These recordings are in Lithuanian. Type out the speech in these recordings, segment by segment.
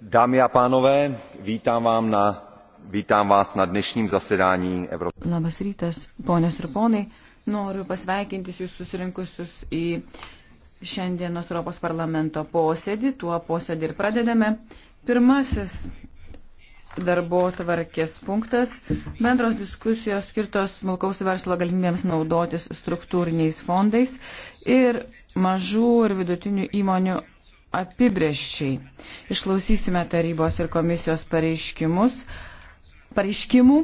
Dámy a pánové, vítám, vám na, vítám vás na dnešním zasedání Evropos. Labas rytas, ponios ir ponai. Noriu pasveikinti jūs susirinkusius į šiandienos Europos parlamento posėdį. Tuo posėdį ir pradedame. Pirmasis darbo tvarkės punktas - bendros diskusijos skirtos smulkaus verslo galimybėms naudotis struktūriniais fondais ir mažų ir vidutinių įmonių apibrieščiai. Išklausysime tarybos ir komisijos pareiškimus, pareiškimų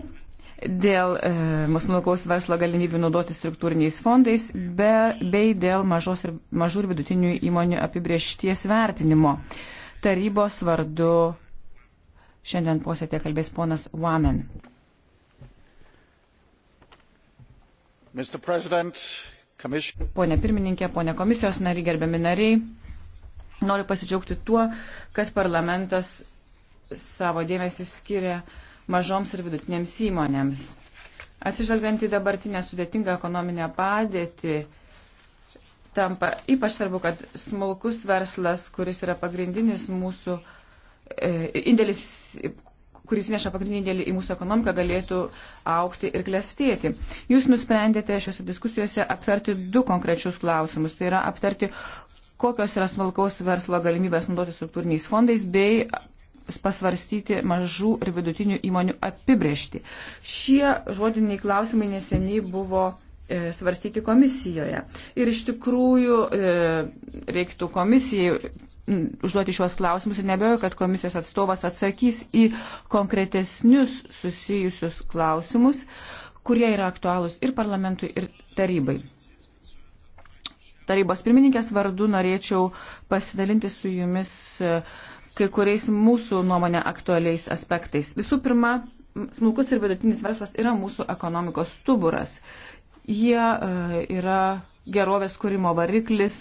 dėl e, mūsų smulkaus verslo galimybių naudoti struktūriniais fondais be, bei dėl mažos ir, mažų ir vidutinių įmonių apibriešties vertinimo. Tarybos vardu šiandien posėtė kalbės ponas Wamen. Pone pirmininkė, pone komisijos nariai, gerbiami nariai, Noriu pasidžiaugti tuo, kad parlamentas savo dėmesį skiria mažoms ir vidutinėms įmonėms. Atsižvelgiant į dabartinę sudėtingą ekonominę padėtį, tampa ypač svarbu, kad smulkus verslas, kuris yra pagrindinis mūsų e, indėlis, kuris neša pagrindinį dėlį į mūsų ekonomiką, galėtų aukti ir klestėti. Jūs nusprendėte šiuose diskusijose aptarti du konkrečius klausimus. Tai yra aptarti, kokios yra smulkaus verslo galimybės naudoti struktūriniais fondais bei pasvarstyti mažų ir vidutinių įmonių apibriešti. Šie žodiniai klausimai neseniai buvo e, svarstyti komisijoje. Ir iš tikrųjų e, reiktų komisijai užduoti šios klausimus ir nebejoju, kad komisijos atstovas atsakys į konkretesnius susijusius klausimus, kurie yra aktualūs ir parlamentui, ir tarybai tarybos pirmininkės vardu norėčiau pasidalinti su jumis e, kai kuriais mūsų nuomonė aktualiais aspektais. Visų pirma, smulkus ir vidutinis verslas yra mūsų ekonomikos stuburas. Jie e, yra gerovės kūrimo variklis,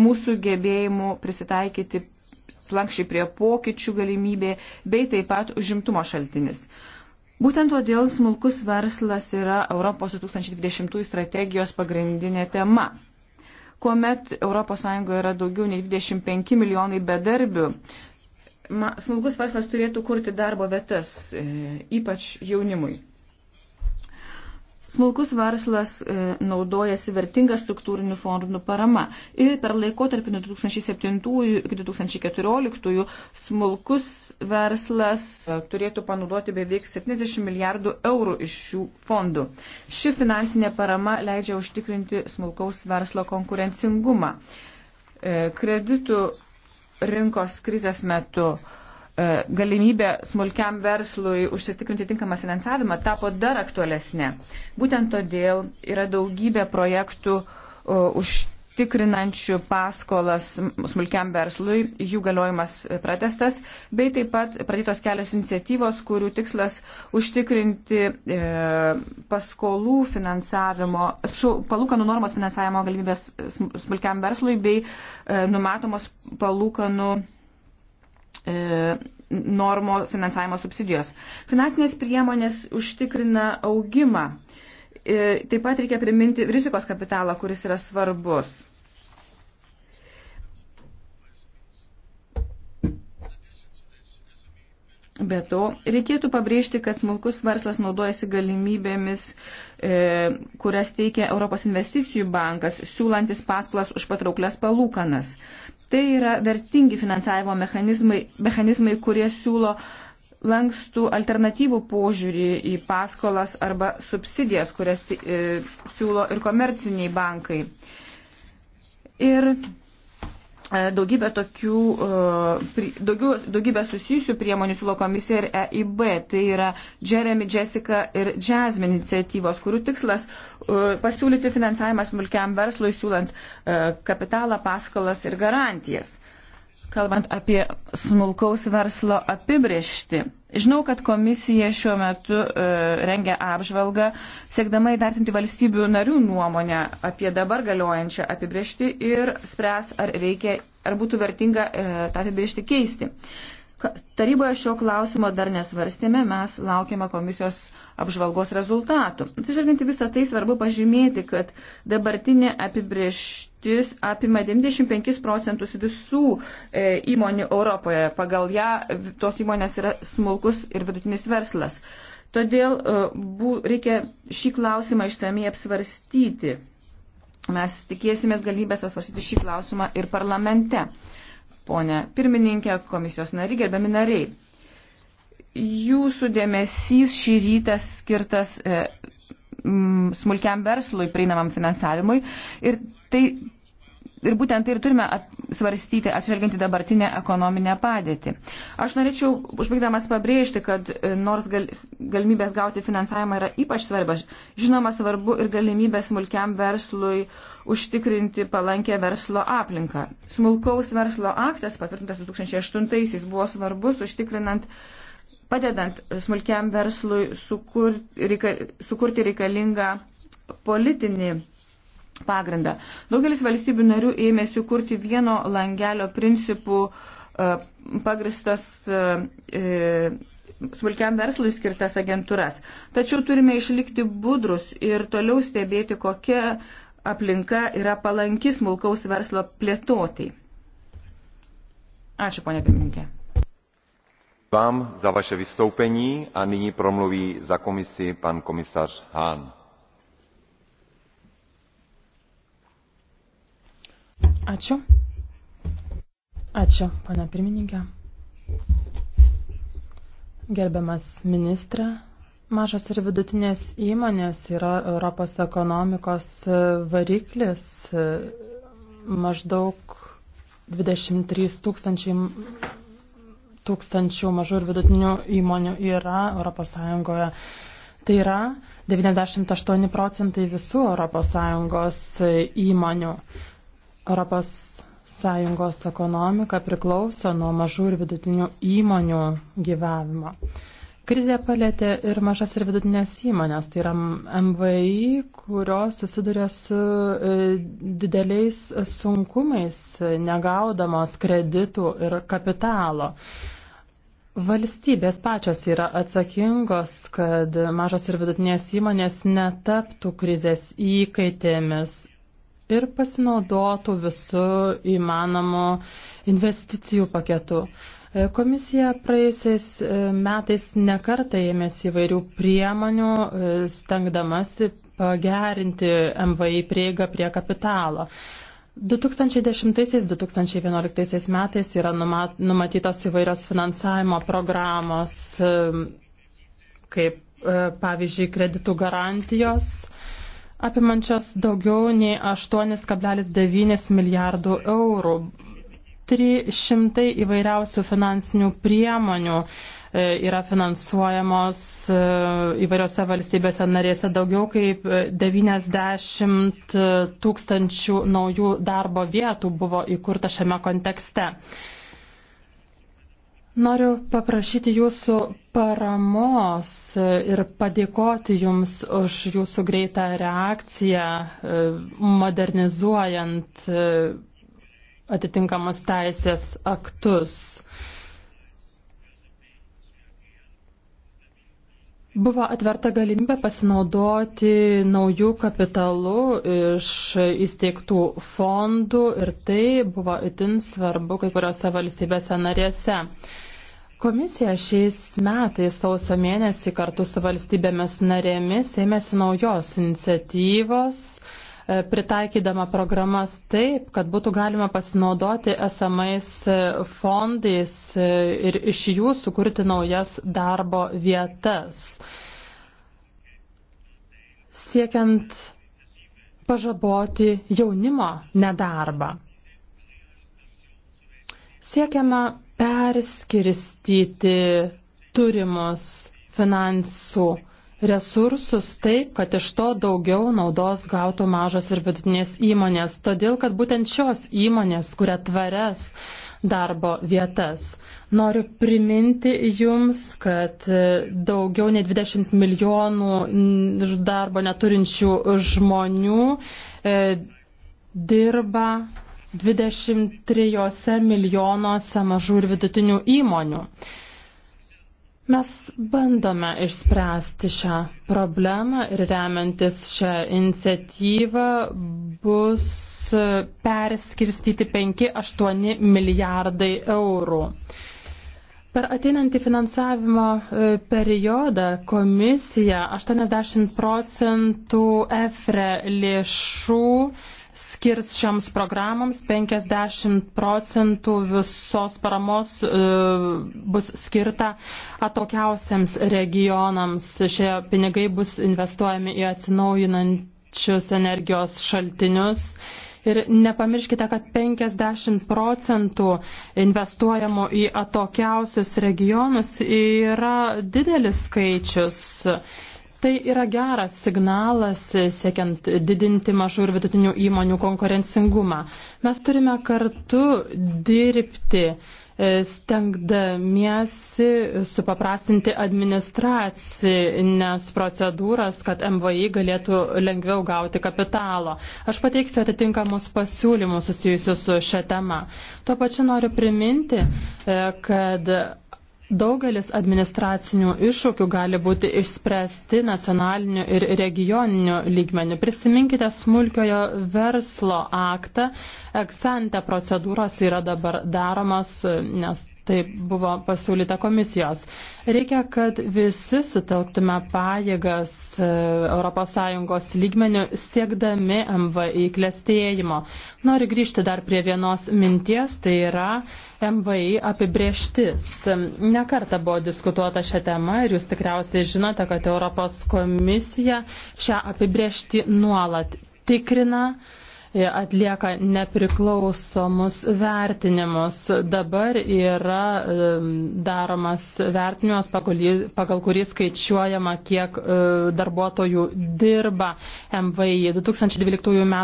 mūsų gebėjimų prisitaikyti lankščiai prie pokyčių galimybė, bei taip pat užimtumo šaltinis. Būtent todėl smulkus verslas yra Europos 2020 strategijos pagrindinė tema kuomet ES yra daugiau nei 25 milijonai bedarbių. Smulkus verslas turėtų kurti darbo vietas, e, ypač jaunimui. Smulkus verslas e, naudojasi vertinga struktūrinių fondų parama. Ir per laikotarpį nuo 2007 iki 2014 smulkus verslas e, turėtų panaudoti beveik 70 milijardų eurų iš šių fondų. Ši finansinė parama leidžia užtikrinti smulkaus verslo konkurencingumą. E, kreditų rinkos krizės metu e, E, galimybė smulkiam verslui užsitikrinti tinkamą finansavimą tapo dar aktualesnė. Būtent todėl yra daugybė projektų e, užtikrinančių paskolas smulkiam verslui, jų galiojimas pratestas, bei taip pat pradėtos kelios iniciatyvos, kurių tikslas užtikrinti e, paskolų finansavimo, atsiprašau, palūkanų normos finansavimo galimybės smulkiam verslui, bei e, numatomos palūkanų. Nu, E, normo finansavimo subsidijos. Finansinės priemonės užtikrina augimą. E, taip pat reikia priminti rizikos kapitalą, kuris yra svarbus. Be to, reikėtų pabrėžti, kad smulkus verslas naudojasi galimybėmis uh, E, kurias teikia Europos investicijų bankas, siūlantis paskolas už patrauklias palūkanas. Tai yra vertingi finansavimo mechanizmai, mechanizmai kurie siūlo lankstų alternatyvų požiūrį į paskolas arba subsidijas, kurias e, siūlo ir komerciniai bankai. Ir E, daugybę tokių, e, daugiau, daugybę susijusių priemonių siūlo komisija ir EIB. Tai yra Jeremy, Jessica ir Jasmine iniciatyvos, kurių tikslas e, pasiūlyti finansavimą smulkiam verslui, siūlant kapitalą, paskolas ir garantijas kalbant apie smulkaus verslo apibriešti. Žinau, kad komisija šiuo metu e, rengia apžvalgą, siekdama įvertinti valstybių narių nuomonę apie dabar galiojančią apibriešti ir spręs, ar, reikia, ar būtų vertinga e, tą apibriešti keisti. Taryboje šio klausimo dar nesvarstėme, mes laukiame komisijos apžvalgos rezultatų. Atsižvelginti visą tai svarbu pažymėti, kad dabartinė apibrieštis apima 95 procentus visų e, įmonių Europoje. Pagal ją tos įmonės yra smulkus ir vidutinis verslas. Todėl e, bu, reikia šį klausimą išsamei apsvarstyti. Mes tikėsimės galimybės apsvarstyti šį klausimą ir parlamente. E, ponė pirmininkė, komisijos nariai, gerbiami nariai. Jūsų dėmesys šį rytą skirtas e, m, smulkiam verslui prieinamam finansavimui ir tai ir būtent tai ir turime svarstyti, atžvelginti dabartinę ekonominę padėtį. Aš norėčiau, užbaigdamas pabrėžti, kad e, nors gal, galimybės gauti finansavimą yra ypač svarbios, žinoma svarbu ir galimybės smulkiam verslui užtikrinti palankę verslo aplinką. Smulkaus verslo aktas, patvirtintas 2008-aisiais, buvo svarbus užtikrinant padedant smulkiam verslui sukur, reika, sukurti reikalingą politinį pagrindą. Daugelis valstybių narių ėmėsi kurti vieno langelio principų e, pagristas e, e, smulkiam verslui skirtas agentūras. Tačiau turime išlikti budrus ir toliau stebėti, kokia aplinka yra palanki smulkaus verslo plėtotai. Ačiū, ponė pirmininkė. Vám za vaše vystoupení a nyní promluví za komisi pan komisař Hahn. Ačiū. Ačiū, pana pirmininkė. Gerbiamas ministrė, mažas ir vidutinės įmonės yra Europos ekonomikos variklis. Maždaug 23 tūkstančiai tūkstančių mažų ir vidutinių įmonių yra ES. Tai yra 98 procentai visų ES įmonių. ES ekonomika priklauso nuo mažų ir vidutinių įmonių gyvavimo. Krizė palėtė ir mažas ir vidutinės įmonės, tai yra MVI, kurios susiduria su e, dideliais sunkumais, negaudamos kreditų ir kapitalo. Valstybės pačios yra atsakingos, kad mažos ir vidutinės įmonės netaptų krizės įkaitėmis ir pasinaudotų visų įmanomų investicijų paketų. E, komisija praėjusiais e, metais nekartą ėmėsi įvairių priemonių, e, stengdamasi pagerinti MVI prieigą prie kapitalo. 2010-2011 metais yra numatytos įvairios finansavimo programos, kaip pavyzdžiui kreditų garantijos apimančias daugiau nei 8,9 milijardų eurų. 300 įvairiausių finansinių priemonių e, yra finansuojamos e, įvairiose valstybėse narėse daugiau kaip 90 e, tūkstančių naujų darbo vietų buvo įkurta šiame kontekste. Noriu paprašyti jūsų paramos ir padėkoti jums už jūsų greitą reakciją, e, modernizuojant e, atitinkamus teisės aktus. Buvo atverta galimybė pasinaudoti naujų kapitalų iš įsteigtų fondų ir tai buvo itin svarbu kai kuriuose valstybėse narėse. Komisija šiais metais sausio mėnesį kartu su valstybėmis narėmis ėmėsi naujos iniciatyvos E, pritaikydama programas taip, kad būtų galima pasinaudoti esamais e, fondais e, ir iš jų sukurti naujas darbo vietas. Siekiant pažaboti jaunimo nedarbą. Siekiama perskirstyti turimus finansų resursus taip, kad iš to daugiau naudos gautų mažos ir vidutinės įmonės, todėl kad būtent šios įmonės kuria tvarias darbo vietas. Noriu priminti Jums, kad e, daugiau nei 20 milijonų darbo neturinčių žmonių e, dirba 23 milijonuose mažų ir vidutinių įmonių. Mes bandome išspręsti šią problemą ir remiantis šią iniciatyvą bus perskirstyti 5-8 milijardai eurų. Per ateinantį finansavimo e, periodą komisija 80 procentų EFRE lėšų skirs šioms programoms 50 procentų visos paramos e, bus skirta atokiausiams regionams. Šie pinigai bus investuojami į atsinaujinančius energijos šaltinius. Ir nepamirškite, kad 50 procentų investuojamų į atokiausius regionus yra didelis skaičius. Tai yra geras signalas e, siekiant didinti mažų ir vidutinių įmonių konkurencingumą. Mes turime kartu dirbti e, stengdamiesi supaprastinti administracinės procedūras, kad MVI galėtų lengviau gauti kapitalo. Aš pateiksiu atitinkamus pasiūlymus susijusius su šia tema. Tuo pačiu noriu priminti, e, kad Daugelis administracinių iššūkių gali būti išspręsti nacionaliniu ir regioniniu lygmeniu. Prisiminkite smulkiojo verslo aktą. Eksante procedūros yra dabar daromas, nes Taip buvo pasiūlyta komisijos. Reikia, kad visi sutelktume pajėgas ES lygmenių siekdami MVI klėstėjimo. Noriu grįžti dar prie vienos minties, tai yra MVI apibrieštis. Nekarta buvo diskutuota šią temą ir jūs tikriausiai žinote, kad Europos komisija šią apibriešti nuolat tikrina E, atlieka nepriklausomus vertinimus. Dabar yra e, daromas vertinimas, pagal kurį skaičiuojama, kiek e, darbuotojų dirba MVI. 2012 m.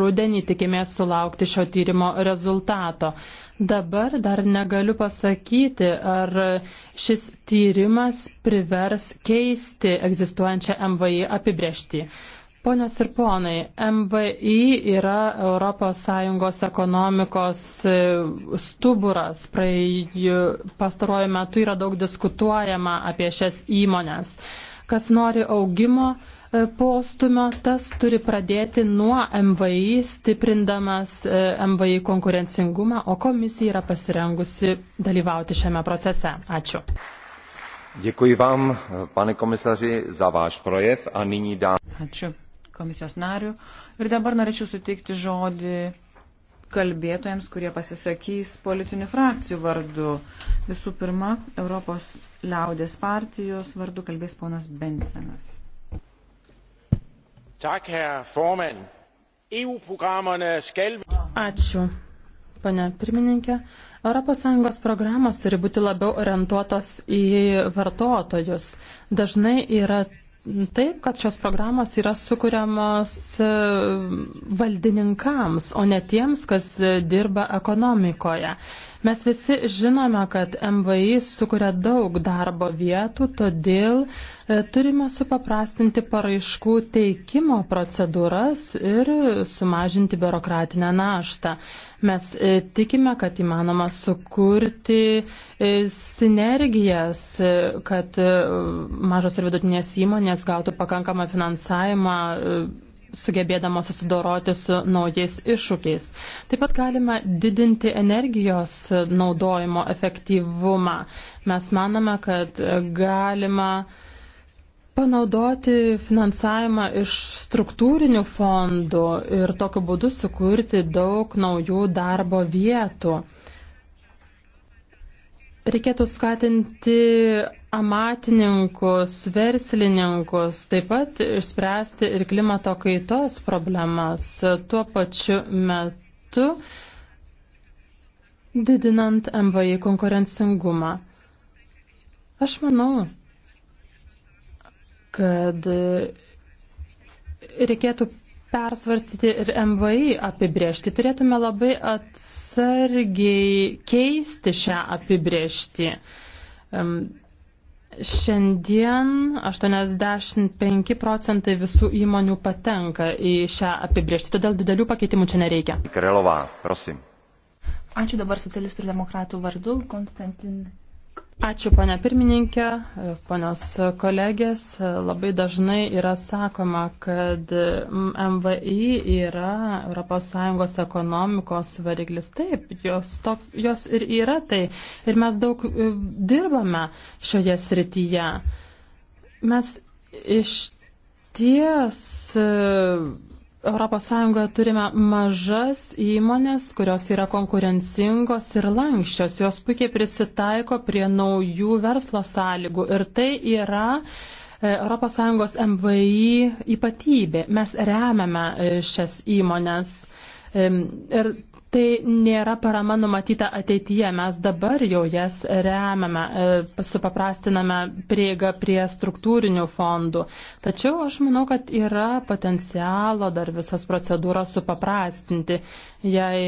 rudenį tikimės sulaukti šio tyrimo rezultato. Dabar dar negaliu pasakyti, ar šis tyrimas privers keisti egzistuojančią MVI apibrėžtį. Ponios ir ponai, MVI yra ES ekonomikos e, stuburas. Pastaruoju metu yra daug diskutuojama apie šias įmonės. Kas nori augimo e, postumio, tas turi pradėti nuo MVI, stiprindamas e, MVI konkurencingumą, o komisija yra pasirengusi dalyvauti šiame procese. Ačiū. Děkuji vám, pane komisaři, za váš projev a nyní dám. Ačiū komisijos narių. Ir dabar norėčiau suteikti žodį kalbėtojams, kurie pasisakys politinių frakcijų vardu. Visų pirma, Europos liaudės partijos vardu kalbės ponas Bensenas. E Ačiū, pane pirmininkė. ES programos turi būti labiau orientuotos į vartotojus. Dažnai yra taip, kad šios programos yra sukūriamos e, valdininkams, o ne tiems, kas e, dirba ekonomikoje. Mes visi žinome, kad MVI sukuria daug darbo vietų, todėl e, turime supaprastinti paraiškų teikimo procedūras ir sumažinti biurokratinę naštą. Mes e, tikime, kad įmanoma sukurti e, sinergijas, kad mažos ir vidutinės įmonės gautų pakankamą finansavimą sugebėdamos susidoroti su naujais iššūkiais. Taip pat galima didinti energijos naudojimo efektyvumą. Mes manome, kad galima panaudoti finansavimą iš struktūrinių fondų ir tokiu būdu sukurti daug naujų darbo vietų. Reikėtų skatinti amatininkus, verslininkus, taip pat išspręsti ir klimato kaitos problemas tuo pačiu metu, didinant MVI konkurencingumą. Aš manau, kad reikėtų persvarstyti ir MVI apibriežti. Turėtume labai atsargiai keisti šią apibriežtį. Šiandien 85 procentai visų įmonių patenka į šią apibriežtį, todėl didelių pakeitimų čia nereikia. Krelova, prosim. Ačiū dabar socialistų ir demokratų vardu, Konstantin Ačiū, ponia pirmininkė, ponios kolegės. Labai dažnai yra sakoma, kad MVI yra ES ekonomikos variklis. Taip, jos, to, jos ir yra tai. Ir mes daug e, dirbame šioje srityje. Mes iš ties e, ES turime mažas įmonės, kurios yra konkurencingos ir lankščios. Jos puikiai prisitaiko prie naujų verslo sąlygų. Ir tai yra ES MVI ypatybė. Mes remiame e, šias įmonės. Ir Tai nėra parama numatyta ateityje, mes dabar jau jas remiame, e, supaprastiname prieigą prie struktūrinių fondų. Tačiau aš manau, kad yra potencialo dar visas procedūras supaprastinti. Jei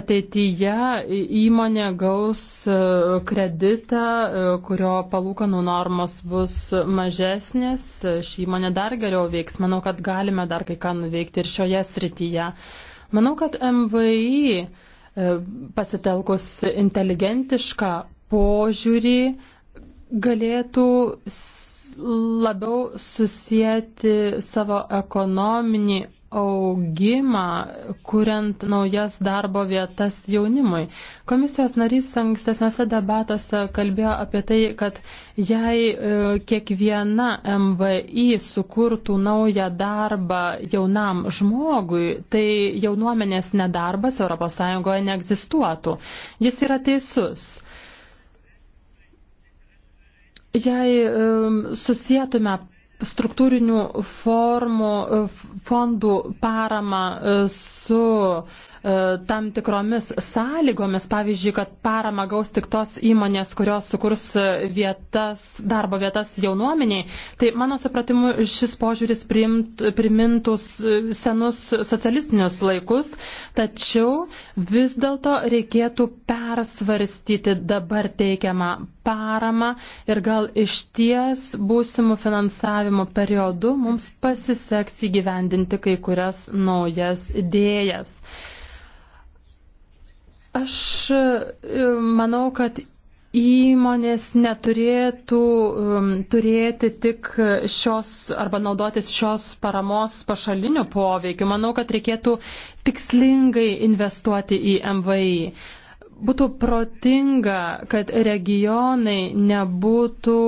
ateityje įmonė gaus e, kreditą, e, kurio palūkanų normos bus mažesnės, ši įmonė dar geriau veiks. Manau, kad galime dar kai ką nuveikti ir šioje srityje. Manau, kad MVI e, pasitelkus inteligentišką požiūrį galėtų labiau susijęti savo ekonominį augimą, kuriant naujas darbo vietas jaunimui. Komisijos narys ankstesniuose debatuose kalbėjo apie tai, kad jei e, kiekviena MVI sukurtų naują darbą jaunam žmogui, tai jaunuomenės nedarbas ES neegzistuotų. Jis yra teisus. Jei um, susijėtume struktūrinių formų, fondų paramą e, su E, tam tikromis sąlygomis, pavyzdžiui, kad parama gaus tik tos įmonės, kurios sukurs vietas, darbo vietas jaunuomeniai, tai mano supratimu šis požiūris primt, primintų senus socialistinius laikus, tačiau vis dėlto reikėtų persvarstyti dabar teikiamą paramą ir gal iš ties būsimų finansavimo periodų mums pasiseks įgyvendinti kai kurias naujas idėjas. Aš e, manau, kad įmonės neturėtų um, turėti tik šios arba naudotis šios paramos pašaliniu poveikiu. Manau, kad reikėtų tikslingai investuoti į MVI. Būtų protinga, kad regionai nebūtų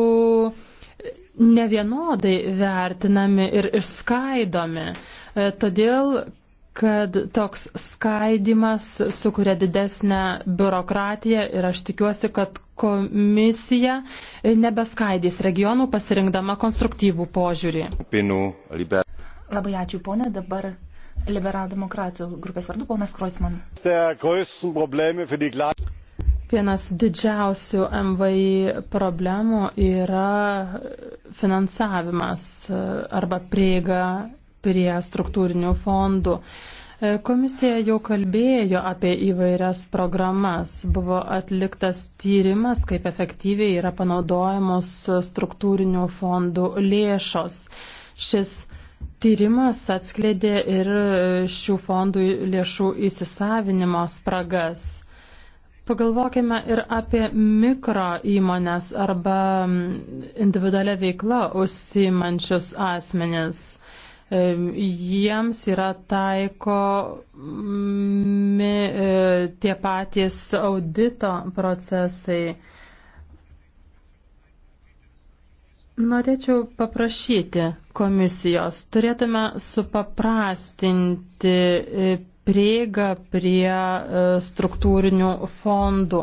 nevienodai vertinami ir išskaidomi. E, todėl kad toks skaidimas sukuria didesnę biurokratiją ir aš tikiuosi, kad komisija nebeskaidys regionų pasirinkdama konstruktyvų požiūrį. Labai ačiū, ponė. Dabar liberaldemokratijos grupės vardu, ponas Kreutzmann. Vienas didžiausių MVI problemų yra finansavimas arba prieiga prie struktūrinių fondų. E, komisija jau kalbėjo apie įvairias programas. Buvo atliktas tyrimas, kaip efektyviai yra panaudojamos struktūrinių fondų lėšos. Šis tyrimas atskleidė ir šių fondų lėšų įsisavinimo spragas. Pagalvokime ir apie mikro įmonės arba individualią veiklą užsimančius asmenis jiems yra taikomi e, tie patys audito procesai. Norėčiau paprašyti komisijos, turėtume supaprastinti e, prieigą prie e, struktūrinių fondų.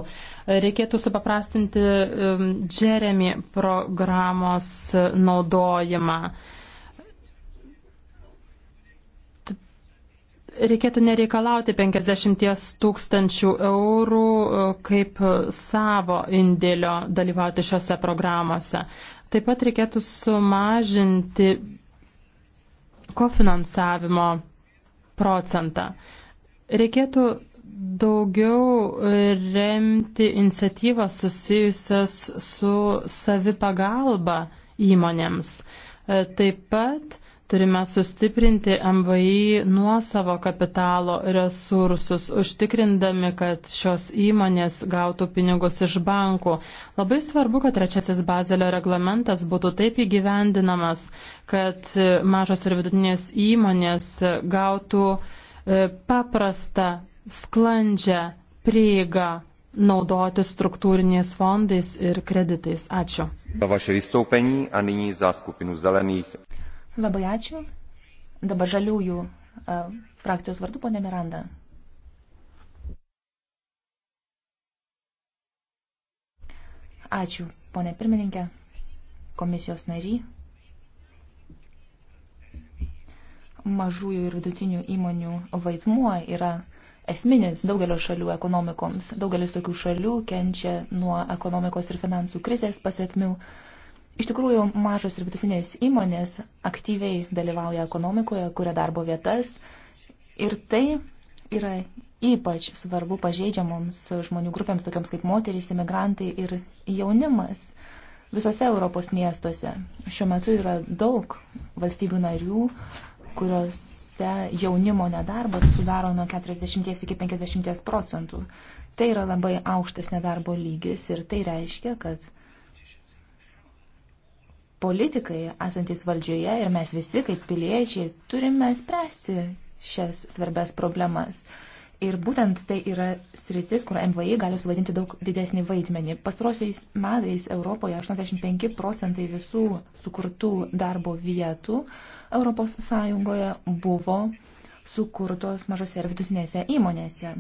Reikėtų supaprastinti Jeremy programos naudojimą. reikėtų nereikalauti 50 tūkstančių eurų e, kaip savo indėlio dalyvauti šiuose programuose. Taip pat reikėtų sumažinti kofinansavimo procentą. Reikėtų daugiau remti iniciatyvas susijusias su savipagalba įmonėms. E, taip pat Turime sustiprinti MVI nuosavo kapitalo resursus, užtikrindami, kad šios įmonės gautų pinigus iš bankų. Labai svarbu, kad trečiasis bazelio reglamentas būtų taip įgyvendinamas, kad mažos ir vidutinės įmonės gautų e, paprastą, sklandžią prieigą naudoti struktūriniais fondais ir kreditais. Ačiū. Za vaše vystoupení a nyní za skupinu zelených Labai ačiū. Dabar žaliųjų e, frakcijos vardu, ponė Miranda. Ačiū, ponė pirmininkė, komisijos nary. Mažųjų ir vidutinių įmonių vaidmuo yra esminis daugelio šalių ekonomikoms. Daugelis tokių šalių kenčia nuo ekonomikos ir finansų krizės pasiekmių. Iš tikrųjų, mažos ir vidutinės įmonės aktyviai dalyvauja ekonomikoje, kuria darbo vietas ir tai yra ypač svarbu pažeidžiamoms žmonių grupėms, tokioms kaip moterys, imigrantai ir jaunimas visose Europos miestuose. Šiuo metu yra daug valstybių narių, kuriuose jaunimo nedarbas sudaro nuo 40 iki 50 procentų. Tai yra labai aukštas nedarbo lygis ir tai reiškia, kad politikai esantis valdžioje ir mes visi kaip piliečiai turime spręsti šias svarbias problemas. Ir būtent tai yra sritis, kur MVI gali suvaidinti daug didesnį vaidmenį. Pastarosiais metais Europoje 85 procentai visų sukurtų darbo vietų ES buvo sukurtos mažose ir vidutinėse įmonėse.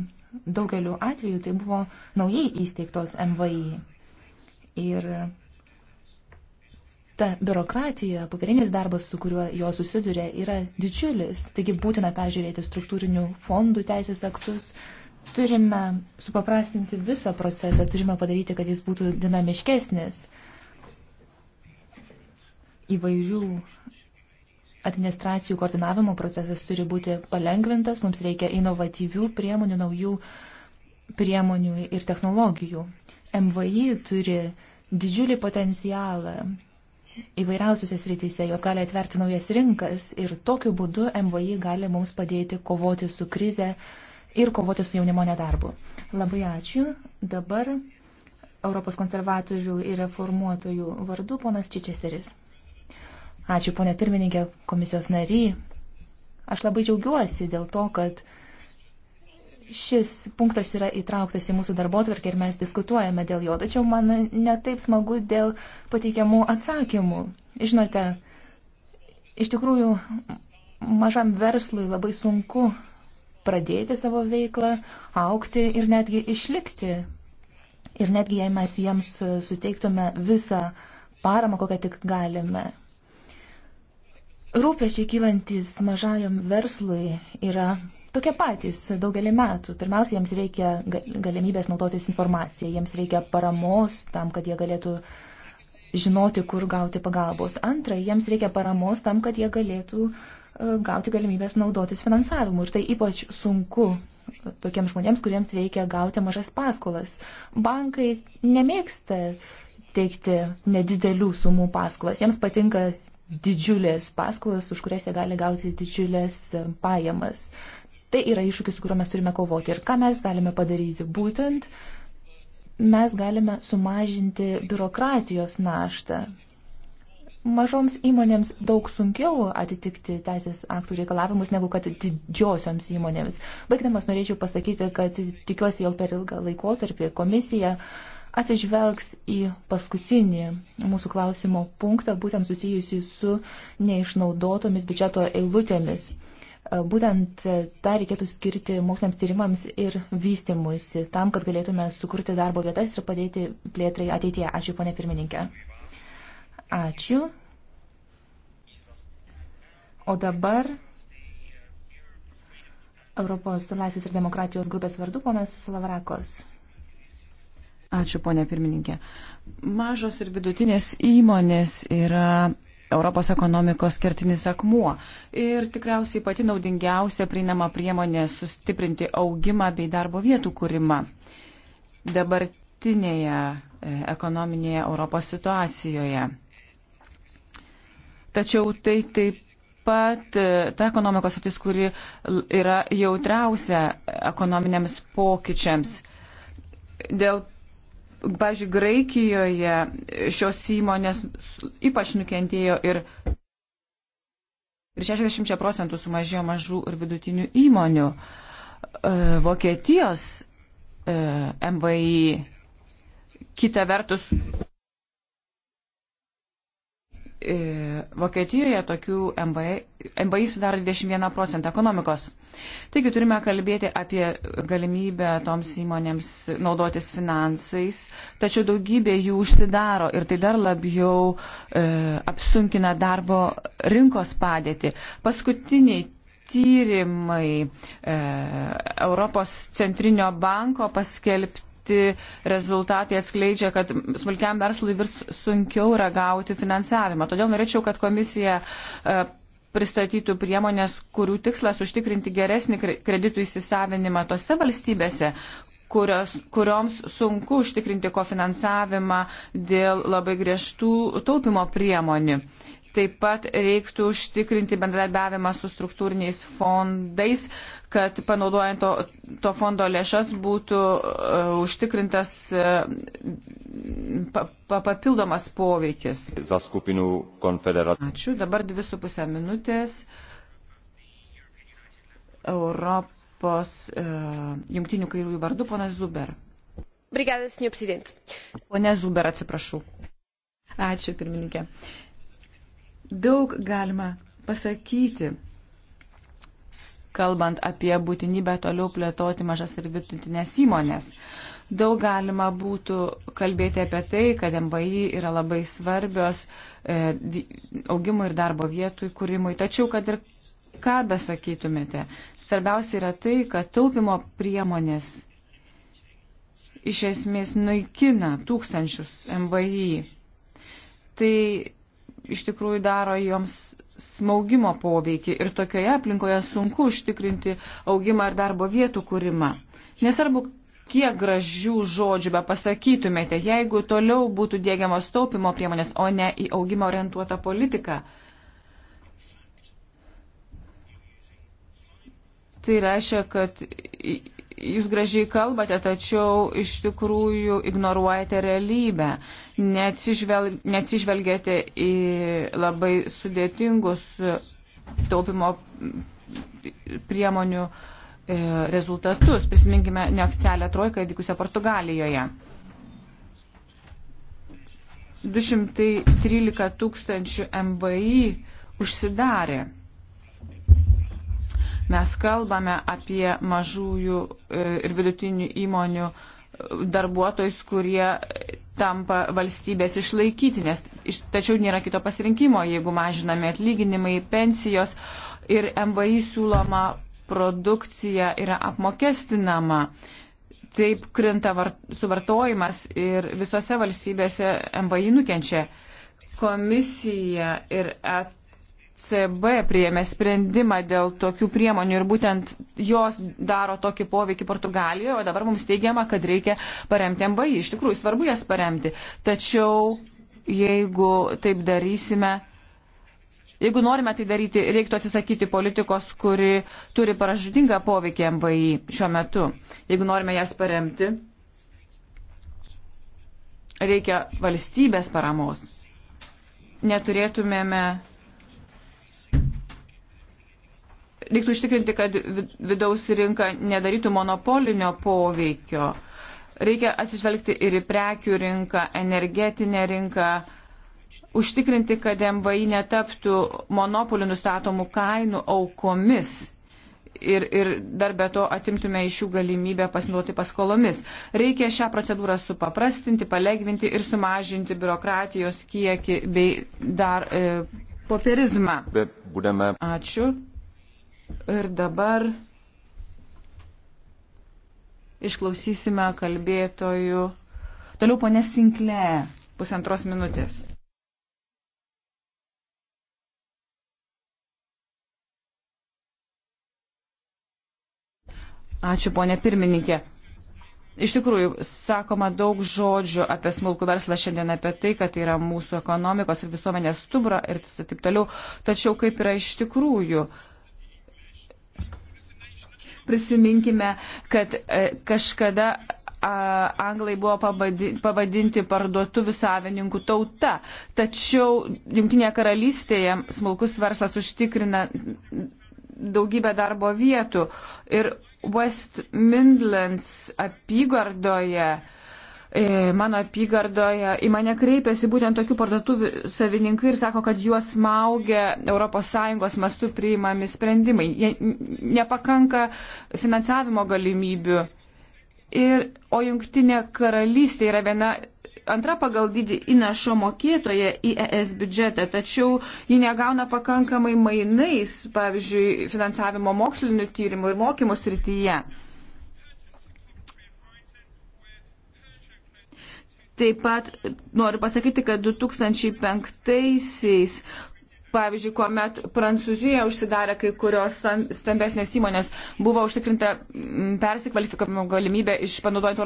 Daugeliu atveju tai buvo naujai įsteigtos MVI. Ir ta biurokratija, popierinis darbas, su kuriuo jo susiduria, yra didžiulis. Taigi būtina peržiūrėti struktūrinių fondų teisės aktus. Turime supaprastinti visą procesą, turime padaryti, kad jis būtų dinamiškesnis. Įvairių administracijų koordinavimo procesas turi būti palengvintas, mums reikia inovatyvių priemonių, naujų priemonių ir technologijų. MVI turi didžiulį potencialą įvairiausiose srityse, jos gali atverti naujas rinkas ir tokiu būdu MVI gali mums padėti kovoti su krize ir kovoti su jaunimo nedarbu. Labai ačiū. Dabar Europos konservatorių ir reformuotojų vardu ponas Čičesteris. Ačiū, ponė pirmininkė, komisijos nary. Aš labai džiaugiuosi dėl to, kad šis punktas yra įtrauktas į mūsų darbo tvarkę ir mes diskutuojame dėl jo, tačiau man netaip smagu dėl pateikiamų atsakymų. Žinote, iš tikrųjų mažam verslui labai sunku pradėti savo veiklą, aukti ir netgi išlikti. Ir netgi jei mes jiems suteiktume visą paramą, kokią tik galime. Rūpešiai kylantis mažajam verslui yra tokie patys daugelį metų. Pirmiausia, jiems reikia galimybės naudotis informaciją, jiems reikia paramos tam, kad jie galėtų žinoti, kur gauti pagalbos. Antra, jiems reikia paramos tam, kad jie galėtų e, gauti galimybės naudotis finansavimu. Ir tai ypač sunku e, tokiems žmonėms, kuriems reikia gauti mažas paskolas. Bankai nemėgsta teikti nedidelių sumų paskolas. Jiems patinka didžiulės paskolas, už kurias jie gali gauti didžiulės e, pajamas. Tai yra iššūkis, su kuriuo mes turime kovoti. Ir ką mes galime padaryti? Būtent mes galime sumažinti biurokratijos naštą. Mažoms įmonėms daug sunkiau atitikti teisės aktų reikalavimus negu kad didžiosioms įmonėms. Baigdamas norėčiau pasakyti, kad tikiuosi, jog per ilgą laikotarpį komisija atsižvelgs į paskutinį mūsų klausimo punktą, būtent susijusi su neišnaudotomis biudžeto eilutėmis. E, būtent e, tą reikėtų skirti moksliniams tyrimams ir vystimuisi, tam, kad galėtume sukurti darbo vietas ir padėti plėtrai ateityje. Ačiū, ponė pirmininkė. Ačiū. O dabar Europos laisvės ir demokratijos grupės vardu ponas Slavrakos. Ačiū, ponė pirmininkė. Mažos ir vidutinės įmonės yra Europos ekonomikos kertinis akmuo. Ir tikriausiai pati naudingiausia prieinama priemonė sustiprinti augimą bei darbo vietų kūrimą. Dabartinėje e, ekonominėje Europos situacijoje. Tačiau tai taip pat e, ta ekonomikos sutis, kuri yra jautriausia ekonominiams pokyčiams. Dėl Pavyzdžiui, Graikijoje šios įmonės ypač nukentėjo ir, ir 60 procentų sumažėjo mažų ir vidutinių įmonių. E, Vokietijos e, MVI kita vertus E, Vokietijoje tokių MBI, e, MBI e sudaro 21 procentą ekonomikos. Taigi turime kalbėti apie galimybę toms įmonėms naudotis finansais, tačiau daugybė jų užsidaro ir tai dar labiau e, apsunkina darbo rinkos padėtį. Paskutiniai tyrimai e, Europos centrinio banko paskelbti pasiekti rezultatai atskleidžia, kad smulkiam verslui vis sunkiau yra gauti finansavimą. Todėl norėčiau, kad komisija e, pristatytų priemonės, kurių tikslas užtikrinti geresnį kreditų įsisavinimą tose valstybėse, kurios, kurioms sunku užtikrinti kofinansavimą dėl labai griežtų taupimo priemonių. Taip pat reiktų užtikrinti bendradarbiavimą su struktūriniais fondais, kad panaudojant to, to fondo lėšas būtų uh, užtikrintas uh, pa, pa, papildomas poveikis. Ačiū. Dabar dvi su pusę minutės. Europos uh, jungtinių kairiųjų vardu, ponas Zuber. Brigadas, neapsidint. Pone Zuber, atsiprašau. Ačiū, pirmininkė. Uh, Daug galima pasakyti, kalbant apie būtinybę toliau plėtoti mažas ir vidutinės įmonės. Daug galima būtų kalbėti apie tai, kad MVI yra labai svarbios e, augimui ir darbo vietų įkūrimui. Tačiau, kad ir ką besakytumėte, svarbiausia yra tai, kad taupimo priemonės iš esmės naikina tūkstančius MVI. Tai iš tikrųjų daro joms smaugimo poveikį ir tokioje aplinkoje sunku užtikrinti augimą ir darbo vietų kūrimą. Nesvarbu, kiek gražių žodžių be pasakytumėte, jeigu toliau būtų dėgiamos taupimo priemonės, o ne į augimą orientuota politika. Tai reiškia, kad jūs gražiai kalbate, tačiau iš tikrųjų ignoruojate realybę, neatsižvel, neatsižvelgiate į labai sudėtingus taupimo priemonių e, rezultatus. Prisiminkime neoficialią trojką įvykusią Portugalijoje. 213 tūkstančių MVI užsidarė. Mes kalbame apie mažųjų e, ir vidutinių įmonių e, darbuotojus, kurie tampa valstybės išlaikytinės. Tačiau nėra kito pasirinkimo, jeigu mažinami atlyginimai, pensijos ir MVI siūloma produkcija yra apmokestinama. Taip krinta vart, suvartojimas ir visose valstybėse MVI nukenčia. Komisija ir et ECB priėmė sprendimą dėl tokių priemonių ir būtent jos daro tokį poveikį Portugalijoje, o dabar mums teigiama, kad reikia paremti MVI. Iš tikrųjų, svarbu jas paremti. Tačiau jeigu taip darysime. Jeigu norime tai daryti, reiktų atsisakyti politikos, kuri turi paražudingą poveikį MVI šiuo metu. Jeigu norime jas paremti, reikia valstybės paramos. Neturėtumėme reiktų ištikrinti, kad vidaus rinka nedarytų monopolinio poveikio. Reikia atsižvelgti ir į prekių rinką, energetinę rinką, užtikrinti, kad MVI netaptų monopolių nustatomų kainų aukomis ir, ir dar be to atimtume iš jų galimybę pasinaudoti paskolomis. Reikia šią procedūrą supaprastinti, palengvinti ir sumažinti biurokratijos kiekį bei dar e, popierizmą. Ačiū. Ir dabar išklausysime kalbėtojų. Toliau ponė Sinklė, pusantros minutės. Ačiū, ponė pirmininkė. Iš tikrųjų, sakoma daug žodžių apie smulkų verslą šiandien, apie tai, kad tai yra mūsų ekonomikos ir visuomenės stubra ir taip toliau. Tačiau kaip yra iš tikrųjų? Uh, Prisiminkime, kad e, kažkada anglai buvo pavadinti parduotuvių savininkų tauta. Tačiau Junktinėje karalystėje smulkus verslas užtikrina daugybę darbo vietų. Ir West Midlands apygardoje uh, E, mano apygardoje į mane kreipiasi būtent tokių parduotuvių savininkai ir sako, kad juos maugia ES mastu priimami sprendimai. Jie nepakanka finansavimo galimybių. Ir, o jungtinė karalystė yra viena. Antra pagal dydį įnašo mokėtoje į ES biudžetą, tačiau ji negauna pakankamai mainais, pavyzdžiui, finansavimo mokslinių tyrimų ir mokymų srityje. Taip pat noriu pasakyti, kad 2005-aisiais, pavyzdžiui, kuomet Prancūzijoje užsidarė kai kurios stambesnės įmonės, buvo užtikrinta mm, persikvalifikavimo galimybė iš panaudojant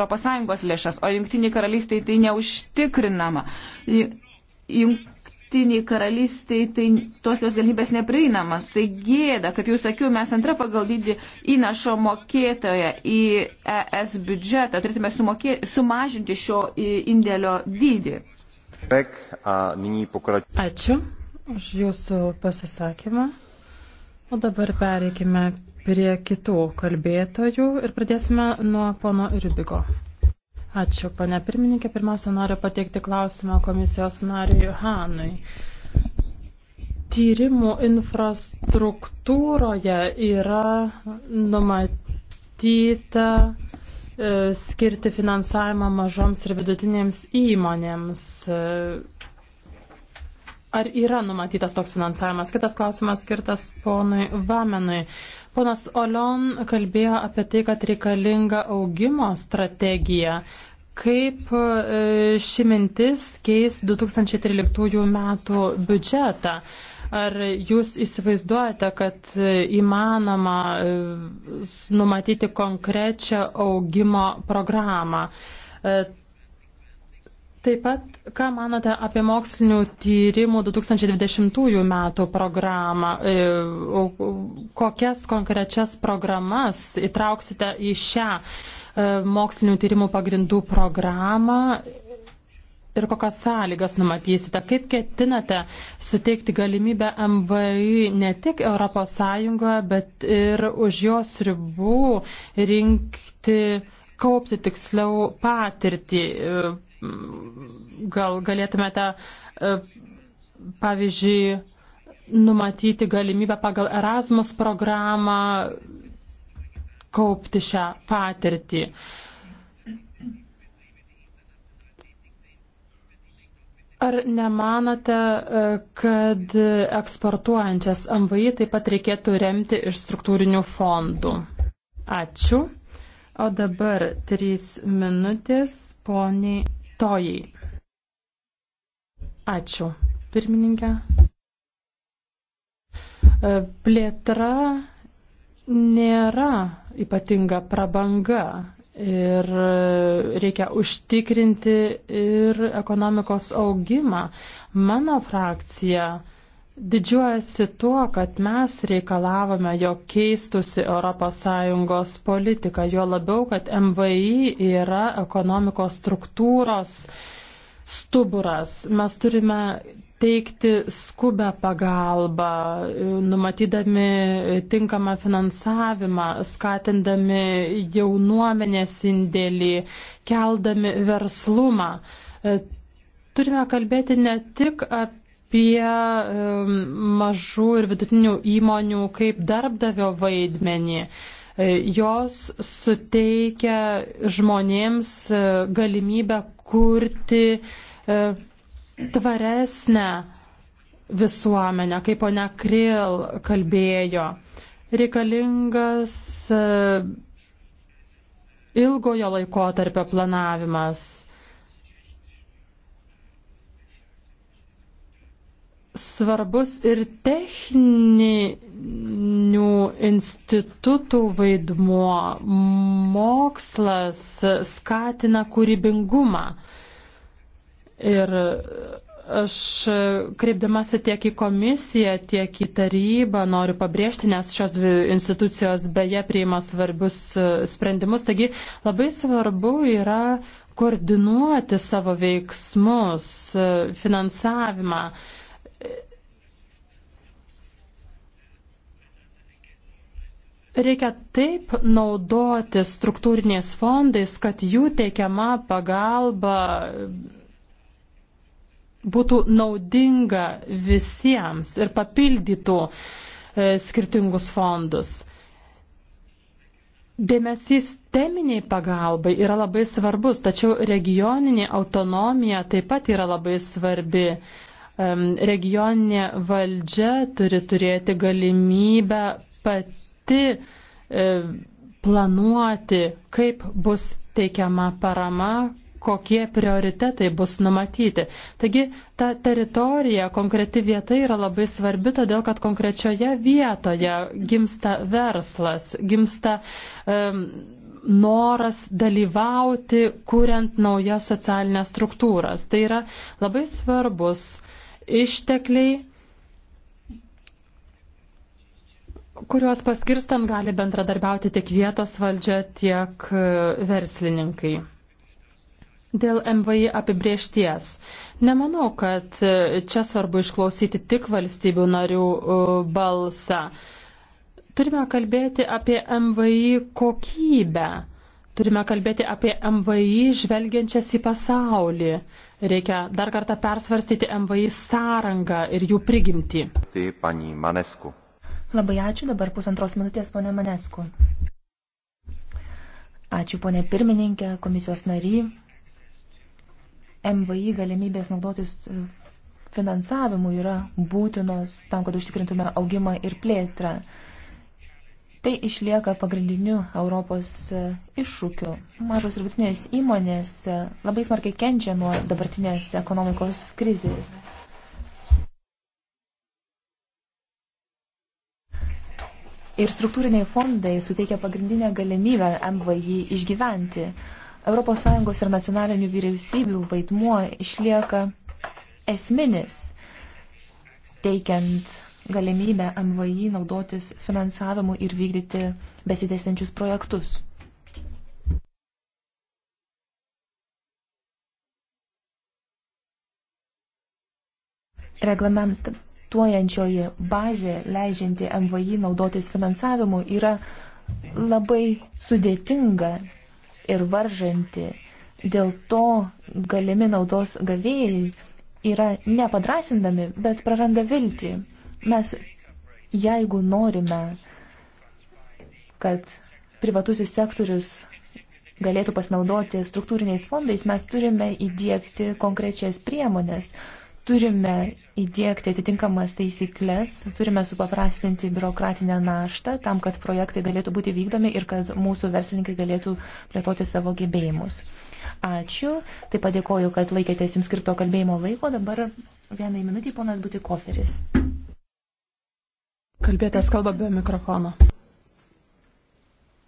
ES lėšas, o Junktiniai karalystiai tai neužtikrinama. Junk jungtiniai karalystiai tai tokios galimybės neprieinamas. Tai gėda, kaip jau sakiau, mes antra pagal dydį įnašo mokėtoje į ES biudžetą turėtume sumokė, sumažinti šio indėlio dydį. Ačiū už jūsų pasisakymą. O dabar pereikime prie kitų kalbėtojų ir pradėsime nuo pono Rybiko. Ačiū, pane pirmininkė. Pirmiausia, noriu pateikti klausimą komisijos nariui Hanui. Tyrimų infrastruktūroje yra numatyta e, skirti finansavimą mažoms ir vidutinėms įmonėms. E, ar yra numatytas toks finansavimas? Kitas klausimas skirtas ponui Vamenui. Ponas Olion kalbėjo apie tai, kad reikalinga augimo strategija. Kaip e, ši mintis keis 2013 metų biudžetą? Ar jūs įsivaizduojate, kad e, įmanoma e, numatyti konkrečią augimo programą? Taip pat, ką manote apie mokslinių tyrimų 2020 metų programą? E, kokias konkrečias programas įtrauksite į šią e, mokslinių tyrimų pagrindų programą ir kokias sąlygas numatysite? Kaip ketinate suteikti galimybę MVI ne tik ES, bet ir už jos ribų rinkti, kaupti tiksliau patirtį? E, gal galėtumėte, e, pavyzdžiui, numatyti galimybę pagal Erasmus programą kaupti šią patirtį. Ar nemanote, e, kad eksportuojančias MVI taip pat reikėtų remti iš struktūrinių fondų? Ačiū. O dabar trys minutės poniai Tojai. Ačiū, pirmininkė. E, plėtra nėra ypatinga prabanga ir reikia užtikrinti ir ekonomikos augimą. Mano frakcija Didžiuojasi tuo, kad mes reikalavome, jog keistusi ES politika, juo labiau, kad MVI yra ekonomikos struktūros stuburas. Mes turime teikti skubę pagalbą, numatydami tinkamą finansavimą, skatindami jaunuomenės indėlį, keldami verslumą. Turime kalbėti ne tik apie apie mažų ir vidutinių įmonių kaip darbdavio vaidmenį. E, jos suteikia žmonėms e, galimybę kurti e, tvaresnę visuomenę, kaip ponia Kril kalbėjo. Reikalingas ilgojo laiko tarpio planavimas. svarbus ir techninių institutų vaidmuo. Mokslas skatina kūrybingumą. Ir aš kreipdamasi tiek į komisiją, tiek į tarybą noriu pabrėžti, nes šios dvi institucijos beje priima svarbius e, sprendimus. Taigi labai svarbu yra koordinuoti savo veiksmus, e, finansavimą. Reikia taip naudoti struktūriniais fondais, kad jų teikiama pagalba būtų naudinga visiems ir papildytų e, skirtingus fondus. Dėmesys teminiai pagalbai yra labai svarbus, tačiau regioninė autonomija taip pat yra labai svarbi. Regioninė valdžia turi turėti galimybę pati e, planuoti, kaip bus teikiama parama, kokie prioritetai bus numatyti. Taigi ta teritorija, konkreti vieta yra labai svarbi, todėl kad konkrečioje vietoje gimsta verslas, gimsta um, noras dalyvauti, kuriant naujas socialinės struktūras. Tai yra labai svarbus ištekliai, kuriuos paskirstant gali bendradarbiauti tiek vietos valdžia, tiek e, verslininkai. Dėl MVI apibriešties. Nemanau, kad e, čia svarbu išklausyti tik valstybių narių e, balsą. Turime kalbėti apie MVI kokybę. Turime kalbėti apie MVI žvelgiančias į pasaulį. Reikia dar kartą persvarstyti MVI sąrangą ir jų prigimtį. Tai pani Manesku. Labai ačiū dabar pusantros minutės, ponė Manesku. Ačiū, ponė pirmininkė, komisijos nary. MVI galimybės naudotis e, finansavimu yra būtinos tam, kad užtikrintume augimą ir plėtrą. Tai išlieka pagrindiniu Europos e, iššūkiu. Mažos ir vidutinės įmonės e, labai smarkiai kenčia nuo dabartinės ekonomikos krizės. Ir struktūriniai fondai suteikia pagrindinę galimybę MVI išgyventi. ES ir nacionalinių vyriausybių vaidmuo išlieka esminis, teikiant galimybę MVI naudotis finansavimu ir vykdyti besidėsiančius projektus. Reglamentuojančioji bazė leidžianti MVI naudotis finansavimu yra labai sudėtinga ir varžanti. Dėl to galimi naudos gavėjai yra nepadrasindami, bet praranda viltį. Mes, jeigu norime, kad privatusis sektorius galėtų pasinaudoti struktūriniais fondais, mes turime įdėkti konkrečias priemonės, turime įdėkti atitinkamas taisyklės, turime supaprastinti biurokratinę naštą tam, kad projektai galėtų būti vykdomi ir kad mūsų verslininkai galėtų plėtoti savo gebėjimus. Ačiū, taip pat dėkoju, kad laikėtės jums skirto kalbėjimo laiko, dabar vienai minutį ponas būti koferis. Kalbėtas kalba be mikrofono.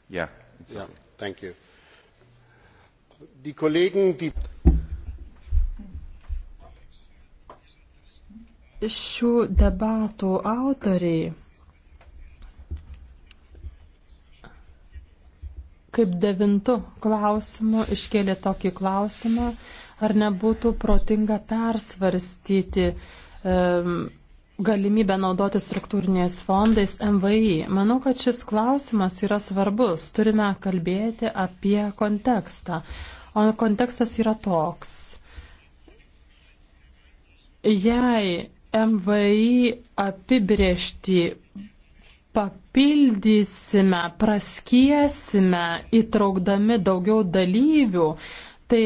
Yeah, okay. yeah, die Kollegen, die Šių debatų autoriai kaip devintų klausimų iškėlė tokį klausimą, ar nebūtų protinga persvarstyti um, e, galimybę naudoti struktūriniais fondais MVI. Manau, kad šis klausimas yra svarbus. Turime kalbėti apie kontekstą. O kontekstas yra toks. Jei MVI apibriešti papildysime, praskiesime, įtraukdami daugiau dalyvių, tai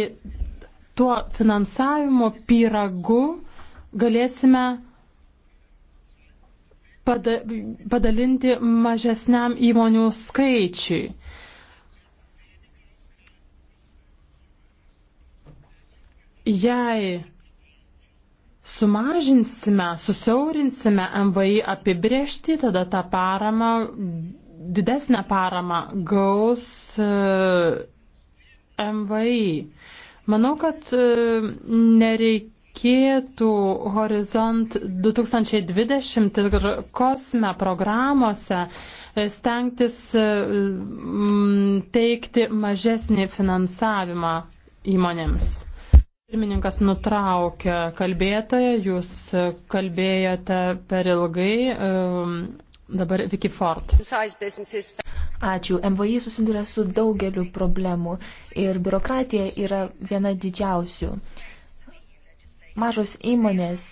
tuo finansavimo pyragu galėsime pada, padalinti mažesniam įmonių skaičiui. Jei sumažinsime, susiaurinsime MVI apibriežti, tada tą paramą, didesnę paramą gaus e, MVI. Manau, kad e, nereikia reikėtų Horizont 2020 ir kosme programuose e, stengtis e, teikti mažesnį finansavimą įmonėms. Pirmininkas nutraukė kalbėtoją, jūs kalbėjote per ilgai. E, dabar Vicky Ford. Ačiū. MVI susiduria su daugeliu problemų ir biurokratija yra viena didžiausių mažos įmonės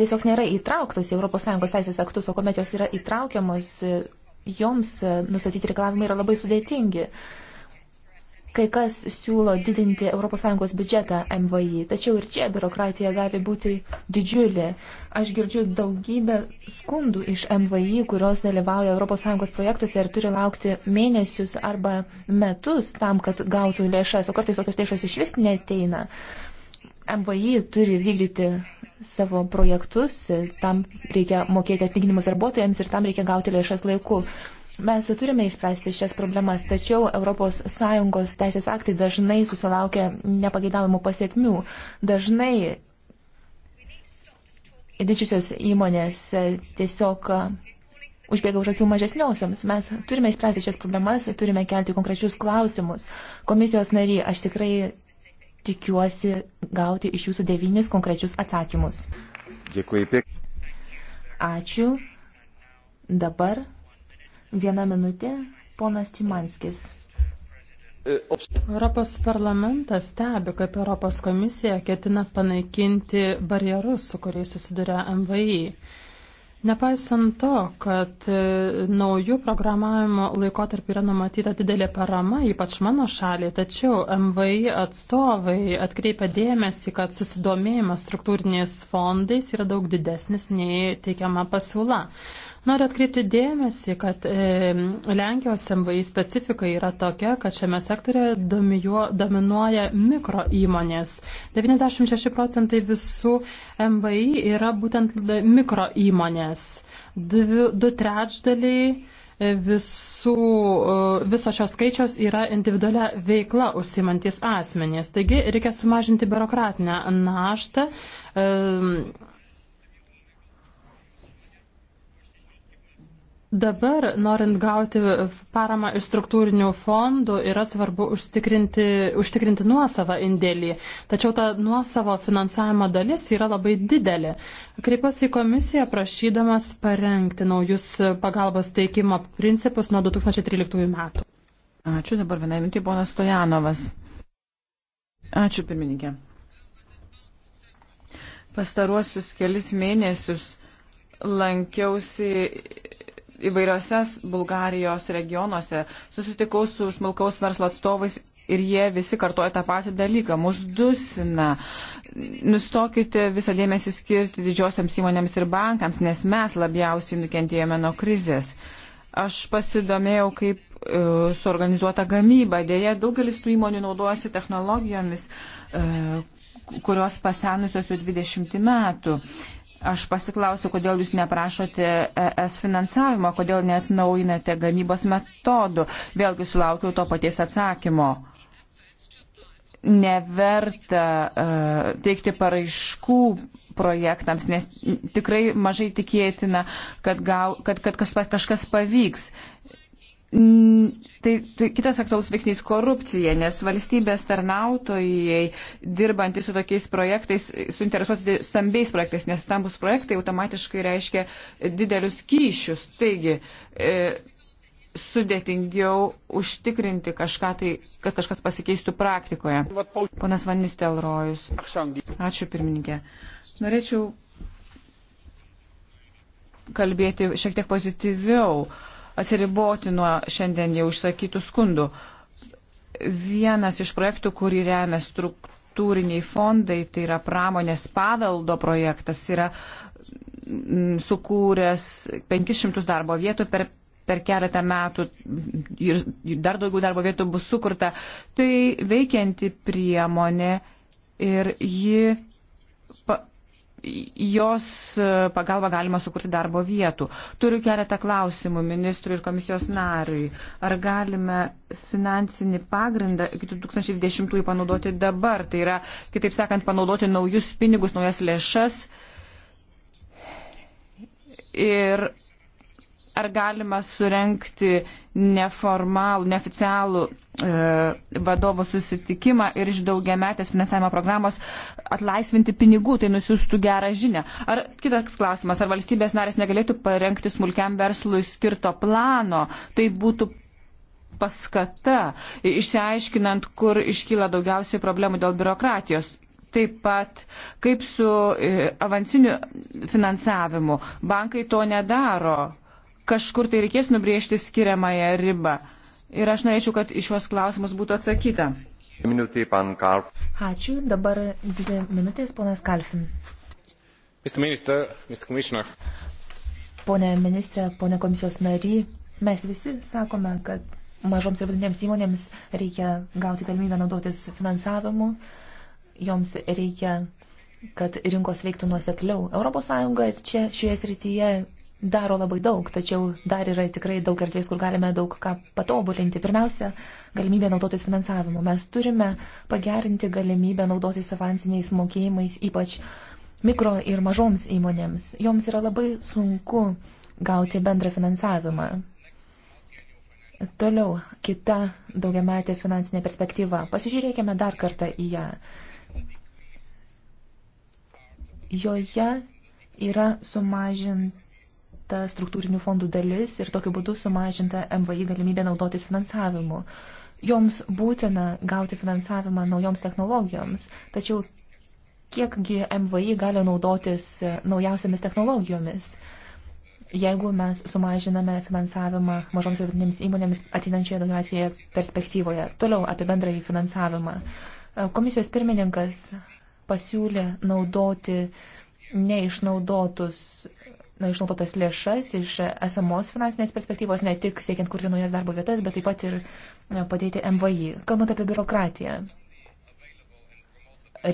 tiesiog nėra įtrauktos į ES teisės aktus, o kuomet jos yra įtraukiamos, joms nustatyti reikalavimai yra labai sudėtingi. Kai kas siūlo didinti ES biudžetą MVI, tačiau ir čia biurokratija gali būti didžiulė. Aš girdžiu daugybę skundų iš MVI, kurios dalyvauja ES projektuose ir turi laukti mėnesius arba metus tam, kad gautų lėšas, o kartais tokios lėšas iš vis neteina. Uh, MVI turi vykdyti savo projektus, tam reikia mokėti atlyginimus darbuotojams ir tam reikia gauti lėšas laiku. Mes turime išspręsti šias problemas, tačiau ES teisės aktai dažnai susilaukia nepageidavimų pasiekmių. Dažnai didžiosios įmonės tiesiog užbėga už akių mažesniausiams. Mes turime išspręsti šias problemas, turime kelti konkrečius klausimus. Komisijos nariai, aš tikrai tikiuosi gauti iš jūsų devynis konkrečius atsakymus. Dėkui. Ačiū. Dabar viena minutė, ponas Timanskis. Europos parlamentas stebi, kaip Europos komisija ketina panaikinti barjerus, su kuriais susiduria MVI. Nepaisant to, kad e, naujų programavimo laikotarpį yra numatyta didelė parama, ypač mano šaliai, tačiau MVI atstovai atkreipia dėmesį, kad susidomėjimas struktūriniais fondais yra daug didesnis nei teikiama pasiūla. Noriu atkreipti dėmesį, kad e, Lenkijos MVI specifika yra tokia, kad šiame sektorėje domijuo, dominuoja mikro įmonės. 96 procentai visų MVI yra būtent mikro įmonės. Dvi, du trečdaliai e, visų, e, viso šios skaičios yra individualia veikla užsimantis asmenys. Taigi reikia sumažinti biurokratinę naštą. E, Dabar, norint gauti paramą iš struktūrinių fondų, yra svarbu užtikrinti, užtikrinti nuosavą indėlį. Tačiau ta nuosavo finansavimo dalis yra labai didelė. Kreipiuosi į komisiją prašydamas parengti naujus pagalbos teikimo principus nuo 2013 metų. Ačiū dabar vienai minutė, ponas Stojanovas. Ačiū pirmininkė. Pastaruosius kelis mėnesius lankiausi įvairiose Bulgarijos regionuose. Susitikau su smulkaus verslo atstovais ir jie visi kartoja tą patį dalyką. Mūsų dusina. Nustokite visą dėmesį skirti didžiosiams įmonėms ir bankams, nes mes labiausiai nukentėjome nuo krizės. Aš pasidomėjau, kaip e, suorganizuota gamyba. Dėja, daugelis tų įmonių naudojasi technologijomis, e, kurios pasenusios jau 20 metų. Aš pasiklausiu, kodėl jūs neprašote ES finansavimo, kodėl net naujinate gamybos metodų. Vėlgi sulaukiau to paties atsakymo. Neverta uh, teikti paraiškų projektams, nes tikrai mažai tikėtina, kad, gal, kad, kad kažkas pavyks. Uh, Mm, tai, tai kitas aktualus veiksnys - korupcija, nes valstybės tarnautojai, dirbantys su tokiais projektais, suinteresuoti stambiais projektais, nes stambus projektai automatiškai reiškia didelius kyšius. Taigi, e, sudėtingiau užtikrinti kažką tai, kad kažkas pasikeistų praktikoje. Ponas Vanis Telrojus. Ačiū pirmininkė. Norėčiau kalbėti šiek tiek pozityviau. Uh, atsiriboti nuo šiandien jau išsakytų skundų. Vienas iš projektų, kurį remia struktūriniai fondai, tai yra pramonės paveldo projektas, yra mm, sukūręs 500 darbo vietų per per keletą metų ir dar daugiau darbo vietų bus sukurta. Tai veikianti priemonė ir ji jos e, pagalba galima sukurti darbo vietų. Turiu keletą klausimų ministrui ir komisijos nariui. Ar galime finansinį pagrindą iki 2010-ųjų panaudoti dabar? Tai yra, kitaip sakant, panaudoti naujus pinigus, naujas lėšas. Ir ar galima surenkti neformalų, neoficialų e, vadovų susitikimą ir iš daugiametės finansavimo programos atlaisvinti pinigų, tai nusiųstų gerą žinę. Ar kitas klausimas, ar valstybės narės negalėtų parengti smulkiam verslui skirto plano, tai būtų paskata, išsiaiškinant, kur iškyla daugiausiai problemų dėl biurokratijos taip pat kaip su e, avansiniu finansavimu. Bankai to nedaro kažkur tai reikės nubriežti skiriamąją ribą. Ir aš norėčiau, kad iš juos klausimus būtų atsakyta. Minutė, pan Karp. Ačiū. Dabar dvi minutės, ponas Kalfin. Mr. Minister, Mr. Commissioner. Pone ministrė, pone komisijos nary, mes visi sakome, kad mažoms ir vidutinėms įmonėms reikia gauti galimybę naudotis finansavimu, joms reikia, kad rinkos veiktų nuosekliau. ES čia šioje srityje daro labai daug, tačiau dar yra tikrai daug erdvės, kur galime daug ką patobulinti. Pirmiausia, galimybė naudotis finansavimu. Mes turime pagerinti galimybę naudotis avansiniais mokėjimais, ypač mikro ir mažoms įmonėms. Joms yra labai sunku gauti bendrą finansavimą. Toliau, kita daugiametė finansinė perspektyva. Pasižiūrėkime dar kartą į ją. Joje yra sumažinti padidinta struktūrinių fondų dalis ir tokiu būdu sumažinta MVI galimybė naudotis finansavimu. Joms būtina gauti finansavimą naujoms technologijoms, tačiau kiekgi MVI gali naudotis e, naujausiamis technologijomis, jeigu mes sumažiname finansavimą mažoms ir vidutinėms įmonėms ateinančioje daugiausiai perspektyvoje. Toliau apie bendrąjį finansavimą. E, komisijos pirmininkas pasiūlė naudoti neišnaudotus na, išnaudotas lėšas iš esamos finansinės perspektyvos, ne tik siekiant kurti naujas darbo vietas, bet taip pat ir na, padėti MVI. Kalbant apie biurokratiją,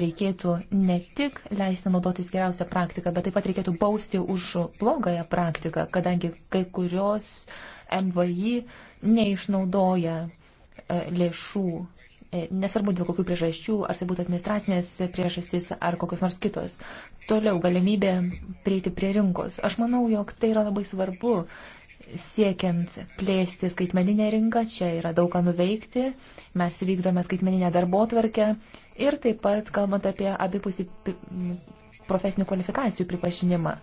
reikėtų ne tik leisti naudotis geriausią praktiką, bet taip pat reikėtų bausti už blogąją praktiką, kadangi kai kurios MVI neišnaudoja e, lėšų e, nesvarbu dėl kokių priežasčių, ar tai būtų administracinės priežastys, ar kokios nors kitos. Toliau galimybė prieiti prie rinkos. Aš manau, jog tai yra labai svarbu siekiant plėsti skaitmeninę rinką. Čia yra daug ką nuveikti. Mes vykdome skaitmeninę darbo tvarkę ir taip pat kalbant apie abipusį profesinių kvalifikacijų pripažinimą.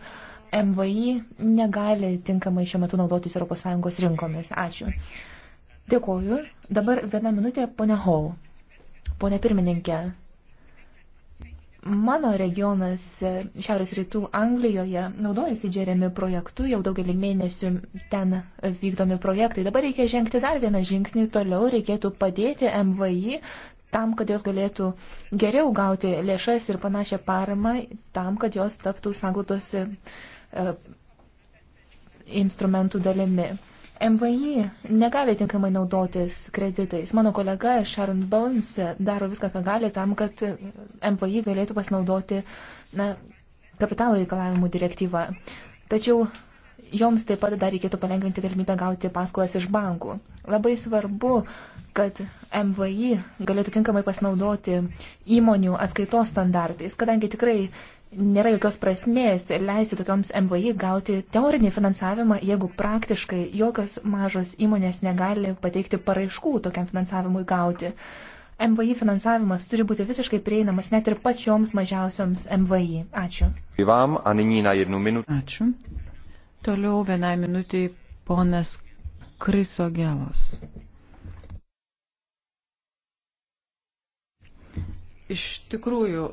MVI negali tinkamai šiuo metu naudotis ES rinkomis. Ačiū. Dėkoju. Dabar viena minutė, ponia Hall. Pone pirmininkė, Mano regionas e, Šiaurės rytų Anglijoje naudojasi džeremi projektu, jau daugelį mėnesių ten vykdomi projektai. Dabar reikia žengti dar vieną žingsnį toliau, reikėtų padėti MVI tam, kad jos galėtų geriau gauti lėšas ir panašią paramą, tam, kad jos taptų sanglotos e, e, instrumentų dalimi. MVI negali tinkamai naudotis kreditais. Mano kolega Sharon Bones daro viską, ką gali tam, kad MVI galėtų pasinaudoti na, kapitalo reikalavimų direktyvą. Tačiau joms taip pat dar reikėtų palengvinti galimybę gauti paskolas iš bankų. Labai svarbu, kad MVI galėtų tinkamai pasinaudoti įmonių atskaitos standartais, kadangi tikrai nėra jokios prasmės leisti tokioms MVI gauti teorinį finansavimą, jeigu praktiškai jokios mažos įmonės negali pateikti paraiškų tokiam finansavimui gauti. MVI finansavimas turi būti visiškai prieinamas net ir pačioms mažiausioms MVI. Ačiū. Ačiū. Toliau vienai minutiai ponas Krisogelos. Iš tikrųjų,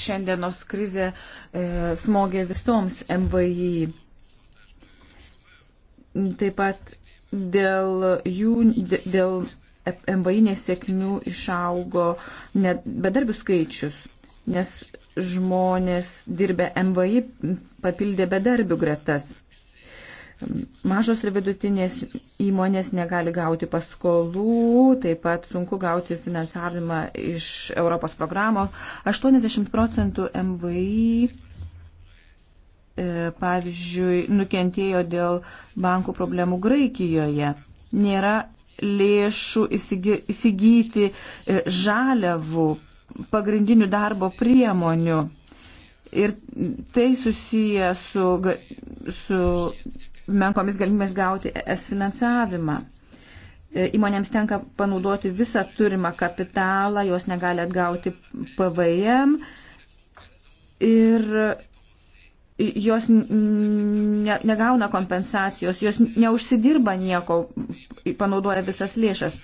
šiandienos krizė e, smogė visoms MVI. Taip pat dėl jų, dėl MVI nesėkmių išaugo net bedarbių skaičius, nes žmonės dirbę MVI papildė bedarbių gretas. Mažos ir vidutinės įmonės negali gauti paskolų, taip pat sunku gauti finansavimą iš Europos programo. 80 procentų MVI, e, pavyzdžiui, nukentėjo dėl bankų problemų Graikijoje. Nėra lėšų įsigyti e, žaliavų, pagrindinių darbo priemonių. Ir tai susiję su, su menkomis galimybės gauti es finansavimą. E, įmonėms tenka panaudoti visą turimą kapitalą, jos negali atgauti PVM ir jos ne, negauna kompensacijos, jos neužsidirba nieko, panaudoja visas lėšas.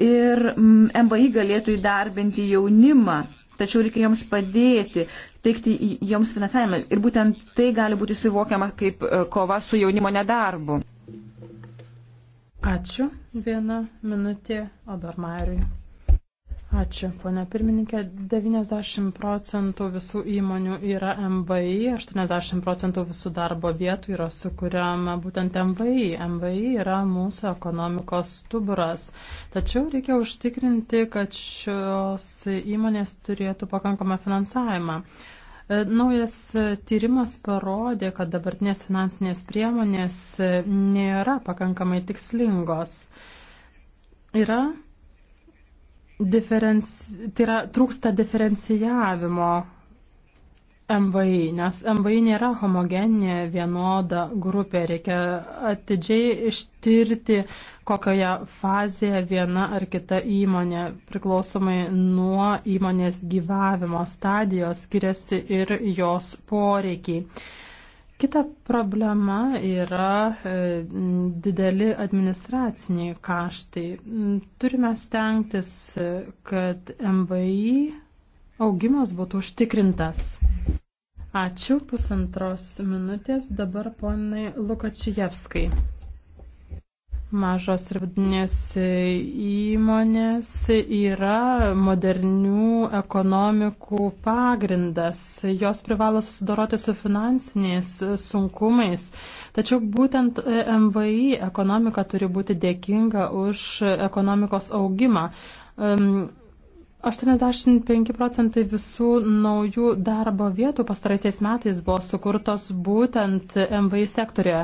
Ir MBI galėtų įdarbinti jaunimą, tačiau reikia joms padėti, teikti joms finansavimą. Ir būtent tai gali būti suvokiama kaip e, kova su jaunimo nedarbu. Ačiū. Viena minutė Obermariui. Ačiū, ponia pirmininkė. 90 procentų visų įmonių yra MVI, 80 procentų visų darbo vietų yra sukūriama būtent MVI. MVI yra mūsų ekonomikos stuburas. Tačiau reikia užtikrinti, kad šios įmonės turėtų pakankamą finansavimą. E, naujas tyrimas parodė, kad dabartinės finansinės priemonės nėra pakankamai tikslingos. Yra diferenci... tai yra, trūksta diferencijavimo MVI, nes MVI nėra homogeninė vienoda grupė. Reikia atidžiai ištirti, kokioje fazėje viena ar kita įmonė priklausomai nuo įmonės gyvavimo stadijos skiriasi ir jos poreikiai. Kita problema yra e, dideli administraciniai kaštai. Mm, turime stengtis, e, kad MVI augimas būtų užtikrintas. Ačiū pusantros minutės dabar ponai Lukačijevskai. Mažos ir vidinės įmonės yra modernių ekonomikų pagrindas. Jos privalo susidoroti su finansiniais sunkumais. Tačiau būtent MVI ekonomika turi būti dėkinga už ekonomikos augimą. 85 procentai visų naujų darbo vietų pastaraisiais metais buvo sukurtos būtent MVI sektorioje.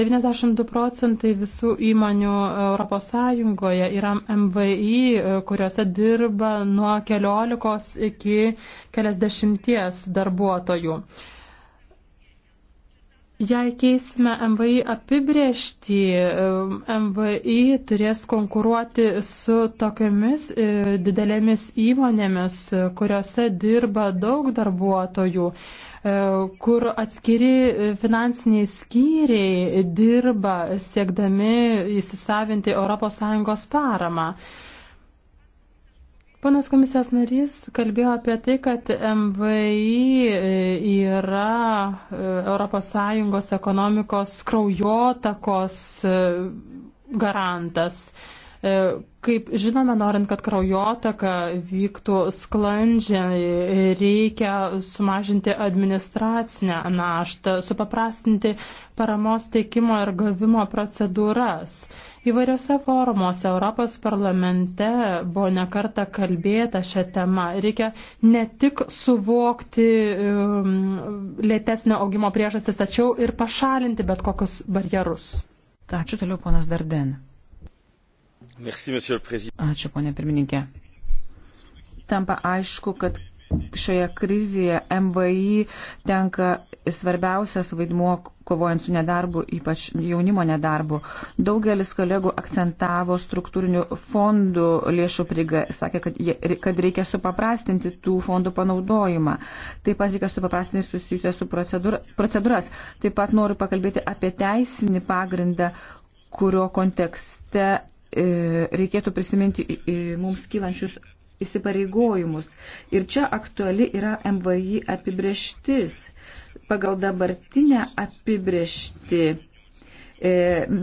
92 procentai visų įmonių ES yra MVI, kuriuose dirba nuo 14 iki keliasdešimties darbuotojų. Jei keisime MVI apibriežtį, MVI turės konkuruoti su tokiamis e, didelėmis įmonėmis, kuriuose dirba daug darbuotojų, e, kur atskiri finansiniai skyriai dirba siekdami įsisavinti ES paramą. Panas komisijos narys kalbėjo apie tai, kad MVI e, yra ES ekonomikos kraujotakos e, garantas. E, kaip žinome, norint, kad kraujotaka vyktų sklandžiai, reikia sumažinti administracinę naštą, supaprastinti paramos teikimo ir gavimo procedūras. Įvairiose forumuose Europos parlamente buvo nekarta kalbėta šią temą. Reikia ne tik suvokti um, lėtesnio augimo priežastis, tačiau ir pašalinti bet kokius barjerus. Ačiū toliau, ponas Darden. Ačiū, ponė pirmininkė. Tampa aišku, kad šioje krizėje MVI tenka svarbiausias vaidmuo kovojant su nedarbu, ypač jaunimo nedarbu. Daugelis kolegų akcentavo struktūrinių fondų lėšų prigą, sakė, kad, jie, kad reikia supaprastinti tų fondų panaudojimą. Taip pat reikia supaprastinti susijusią su procedūra, procedūras. Taip pat noriu pakalbėti apie teisinį pagrindą, kurio kontekste E, reikėtų prisiminti mums kylančius įsipareigojimus. Ir čia aktuali yra MVI apibrieštis. Pagal dabartinę apibriešti e,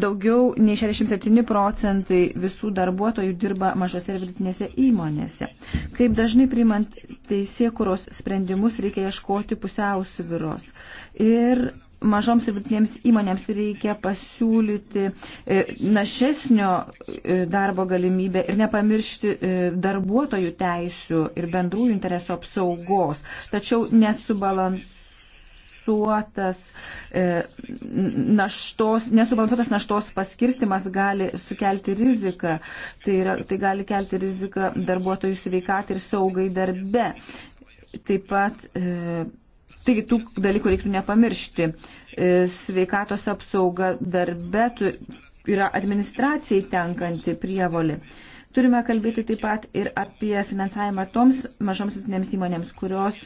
daugiau nei 67 procentai visų darbuotojų dirba mažose ir vidutinėse įmonėse. Kaip dažnai priimant teisėkuros sprendimus reikia ieškoti pusiausviros. Ir mažoms ir vidutinėms įmonėms reikia pasiūlyti e, našesnio e, darbo galimybę ir nepamiršti e, darbuotojų teisių ir bendrųjų interesų apsaugos. Tačiau nesubalansuoti nesubalansuotas naštos, nesubalansuotas naštos paskirstimas gali sukelti riziką, tai, yra, tai gali kelti riziką darbuotojų sveikatai ir saugai darbe. Taip pat e, Taigi tų dalykų reiktų nepamiršti. E, sveikatos apsauga darbe yra administracijai tenkanti prievoli. Turime kalbėti taip pat ir apie finansavimą toms mažoms vidutinėms įmonėms, kurios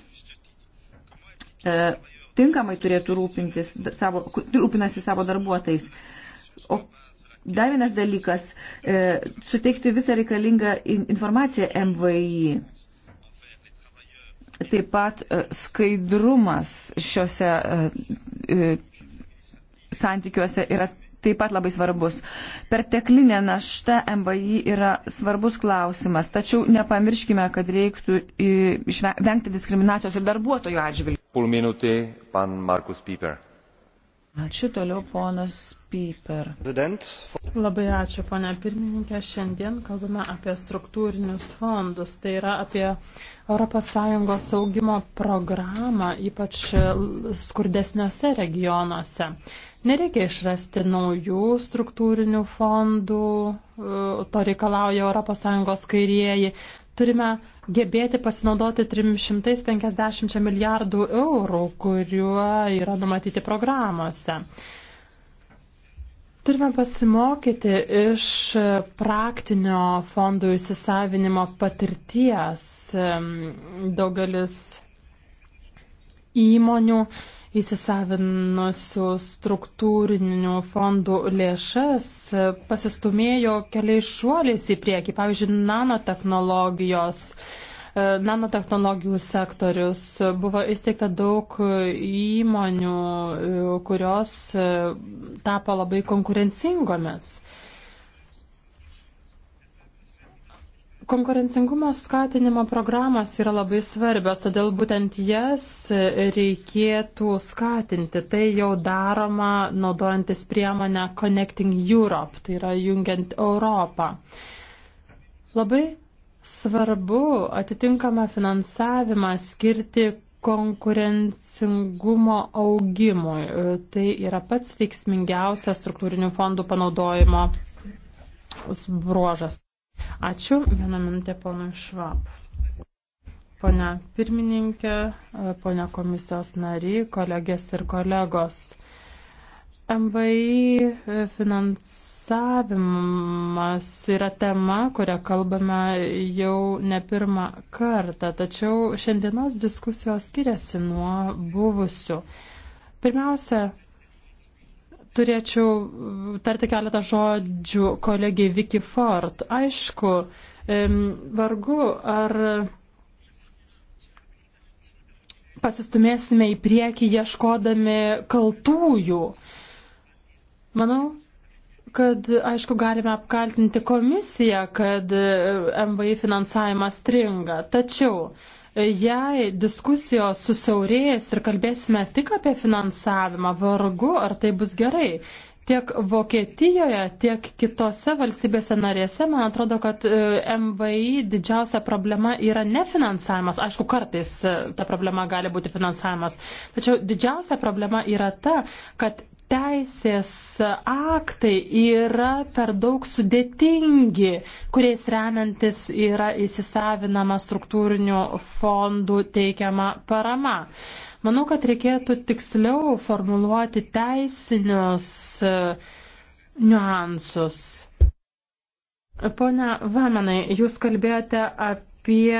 e, tinkamai turėtų rūpintis savo, rūpinasi savo darbuotojais. O dar vienas dalykas e, - suteikti visą reikalingą informaciją MVI. Taip pat e, skaidrumas šiuose e, e, santykiuose yra taip pat labai svarbus. Perteklinė našta MVI yra svarbus klausimas, tačiau nepamirškime, kad reiktų vengti diskriminacijos ir darbuotojų atžvilgių. Pulminutė, pan Markus Piper. Ačiū toliau ponas Piper. Labai ačiū, ponia pirmininkė. Šiandien kalbame apie struktūrinius fondus, tai yra apie ES augimo programą, ypač skurdesniuose regionuose. Nereikia išrasti naujų struktūrinių fondų, to reikalauja ES kairieji turime gebėti pasinaudoti 350 milijardų eurų, kuriuo yra numatyti programuose. Turime pasimokyti iš praktinio fondų įsisavinimo patirties. Daugelis įmonių uh, įsisavinusių struktūrinių fondų lėšas e, pasistumėjo keliais šuoliais į priekį, pavyzdžiui, nanotehnologijos. E, Nanotehnologijų sektorius buvo įsteigta daug įmonių, e, kurios tapo labai konkurencingomis. Konkurencingumo skatinimo programos yra labai svarbios, todėl būtent jas reikėtų skatinti. Tai jau daroma naudojantis priemonę Connecting Europe, tai yra jungiant Europą. Labai svarbu atitinkamą finansavimą skirti konkurencingumo augimui. Tai yra pats veiksmingiausias struktūrinių fondų panaudojimo bruožas. Ačiū. Vieną minutę ponui Švab. Pone pirmininkė, pone komisijos nariai, kolegės ir kolegos. MVI finansavimas yra tema, kurią kalbame jau ne pirmą kartą, tačiau šiandienos diskusijos skiriasi nuo buvusių. Pirmiausia, turėčiau tarti keletą žodžių kolegiai Vicky Ford. Aišku, vargu ar pasistumėsime į priekį ieškodami kaltųjų. Manau, kad aišku galime apkaltinti komisiją, kad MVI finansavimas stringa. Tačiau jei diskusijos susiaurės ir kalbėsime tik apie finansavimą, vargu ar tai bus gerai. Tiek Vokietijoje, tiek kitose valstybėse narėse, man atrodo, kad e, MVI didžiausia problema yra ne finansavimas. Aišku, kartais e, ta problema gali būti finansavimas. Tačiau didžiausia problema yra ta, kad teisės aktai yra per daug sudėtingi, kuriais remiantis yra įsisavinama struktūrinių fondų teikiama parama. Manau, kad reikėtų tiksliau formuluoti teisinius e, niuansus. Pone Vamenai, jūs kalbėjote apie apie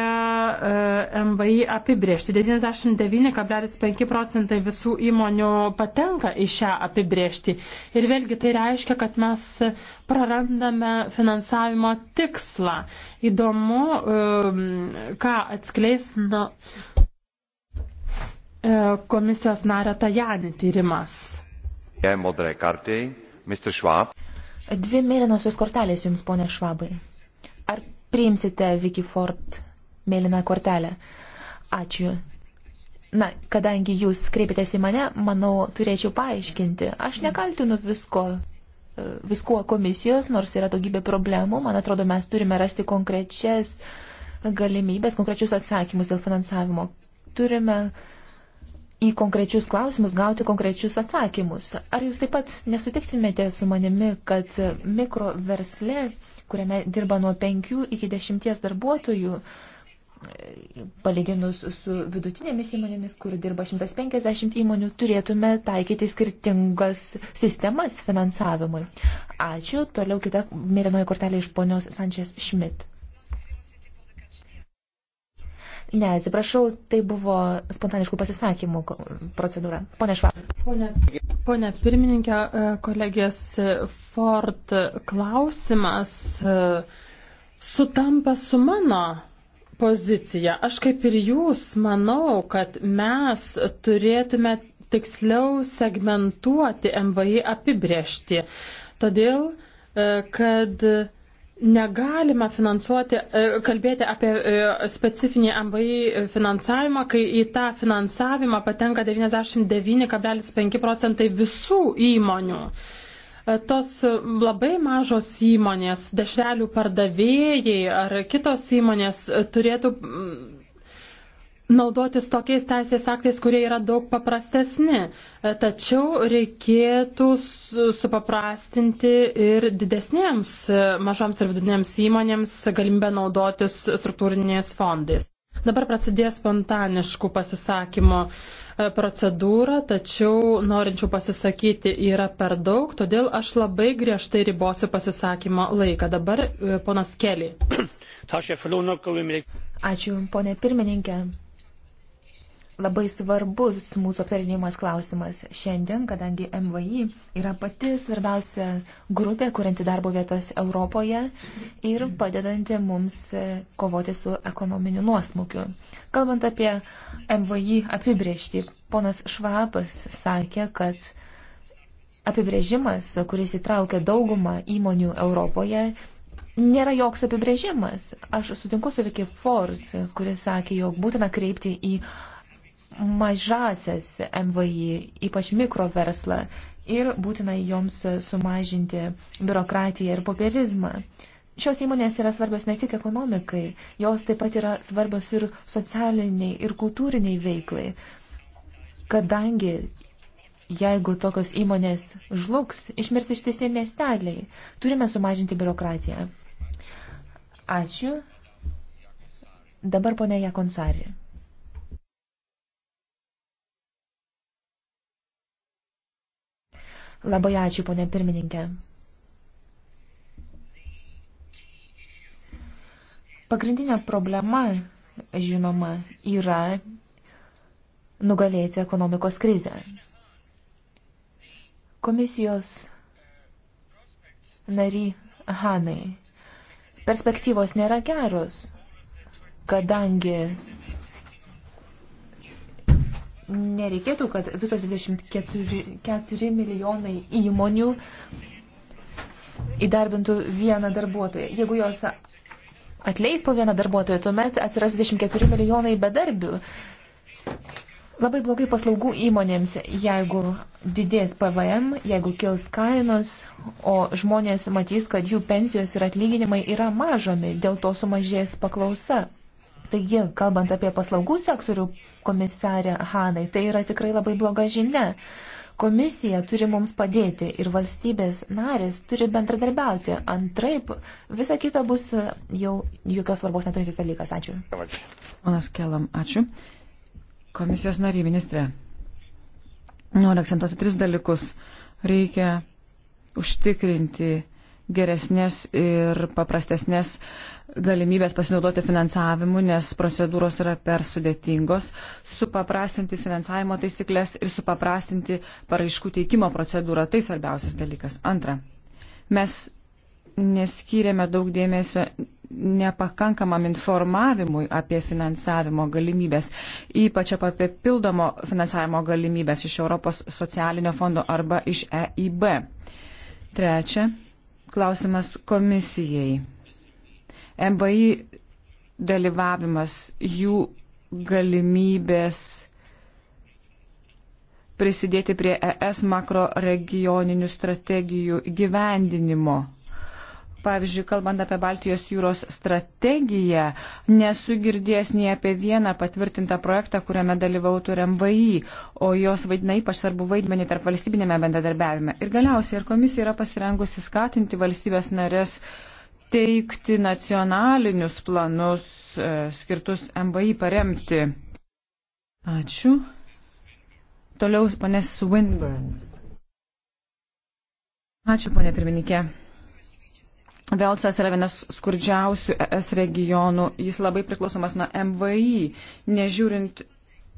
MVI apibriežtį. 99,5 procentai visų įmonių patenka į šią apibriežtį. Ir vėlgi tai reiškia, kad mes prarandame finansavimo tikslą. Įdomu, e, ką atskleis na, e, komisijos nario Tajani tyrimas. Jei modrai kartai, Mr. Švab. Dvi mėlynosios kortelės jums, ponė Švabai priimsite Vicky Ford mėlyną kortelę? Ačiū. Na, kadangi jūs kreipėtės į mane, manau, turėčiau paaiškinti. Aš nekaltinu visko, e, viskuo komisijos, nors yra daugybė problemų. Man atrodo, mes turime rasti konkrečias galimybės, konkrečius atsakymus dėl finansavimo. Turime į konkrečius klausimus gauti konkrečius atsakymus. Ar jūs taip pat nesutiktumėte su manimi, kad mikroverslė kuriame dirba nuo 5 iki 10 darbuotojų, palyginus su vidutinėmis įmonėmis, kur dirba 150 įmonių, turėtume taikyti skirtingas sistemas finansavimui. Ačiū. Toliau kita mėlynoji kortelė iš ponios Sančias Šmit. Ne, atsiprašau, tai buvo spontaniškų pasisakymų procedūra. Pone Švab. Pone, pone pirmininkė, e, kolegės Ford klausimas e, sutampa su mano pozicija. Aš kaip ir jūs manau, kad mes turėtume tiksliau segmentuoti MVI apibriešti. Todėl, e, kad Negalima finansuoti, e, kalbėti apie e, specifinį MVI finansavimą, kai į tą finansavimą patenka 99,5 procentai visų įmonių. E, tos labai mažos įmonės, dešrelių pardavėjai ar kitos įmonės turėtų naudotis tokiais teisės aktais, kurie yra daug paprastesni. E, tačiau reikėtų supaprastinti ir didesnėms e, mažoms ir vidutinėms įmonėms galimybę naudotis struktūrinės fondais. Dabar prasidės spontaniškų pasisakymų e, procedūra, tačiau norinčių pasisakyti yra per daug, todėl aš labai griežtai ribosiu pasisakymo laiką. Dabar ponas Kelly. Ačiū, ponė pirmininkė labai svarbus mūsų aptarinėjimas klausimas šiandien, kadangi MVI yra pati svarbiausia grupė, kurianti darbo vietas Europoje ir padedanti mums kovoti su ekonominiu nuosmukiu. Kalbant apie MVI apibriežtį, ponas Švapas sakė, kad apibrėžimas, kuris įtraukia daugumą įmonių Europoje, nėra joks apibrėžimas. Aš sutinku su Vicky Ford, kuris sakė, jog būtina kreipti į mažasias MVI, ypač mikroverslą ir būtina joms sumažinti biurokratiją ir popierizmą. Šios įmonės yra svarbios ne tik ekonomikai, jos taip pat yra svarbios ir socialiniai ir kultūriniai veiklai, kadangi jeigu tokios įmonės žlugs, išmirs ištiesi miesteliai. Turime sumažinti biurokratiją. Ačiū. Dabar ponia Jakonsari. Labai ačiū, ponė pirmininkė. Pagrindinė problema, žinoma, yra nugalėti ekonomikos krizę. Komisijos nary Hanai. Perspektyvos nėra geros, kadangi nereikėtų, kad visos 24 milijonai įmonių įdarbintų vieną darbuotoją. Jeigu jos atleis po vieną darbuotoją, tuomet atsiras 24 milijonai bedarbių. Labai blogai paslaugų įmonėms, jeigu didės PVM, jeigu kils kainos, o žmonės matys, kad jų pensijos ir atlyginimai yra mažomi, dėl to sumažės paklausa. Taigi, kalbant apie paslaugų sektorių, komisarė Hanai, tai yra tikrai labai bloga žinia. Komisija turi mums padėti ir valstybės narės turi bendradarbiauti. Antraip, visa kita bus jau jokios svarbos neturintis dalykas. Ačiū. Ponas Kelam, ačiū. Komisijos nariai, ministrė. Noriu akcentuoti tris dalykus. Reikia užtikrinti geresnės ir paprastesnės uh, galimybės pasinaudoti finansavimu, nes procedūros yra per sudėtingos, supaprastinti finansavimo taisyklės ir supaprastinti paraiškų teikimo procedūrą. Tai svarbiausias dalykas. Antra, mes neskyrėme daug dėmesio nepakankamam informavimui apie finansavimo galimybės, ypač apie pildomo finansavimo galimybės iš Europos socialinio fondo arba iš EIB. Trečia, klausimas komisijai MBI dalyvavimas, jų galimybės prisidėti prie ES makro regioninių strategijų gyvendinimo. Pavyzdžiui, kalbant apie Baltijos jūros strategiją, nesu girdėjęs nei apie vieną patvirtintą projektą, kuriame dalyvautų ir MVI, o jos vaidina ypač svarbu vaidmenį tarp valstybinėme bendradarbiavime. Ir galiausiai, ar komisija yra pasirengusi skatinti valstybės narės uh, teikti nacionalinius planus e, skirtus MVI paremti. Ačiū. Toliau ponė Swinburne. Ačiū, ponė pirmininkė. Velsas yra vienas skurdžiausių ES regionų. Jis labai priklausomas nuo MVI. Nežiūrint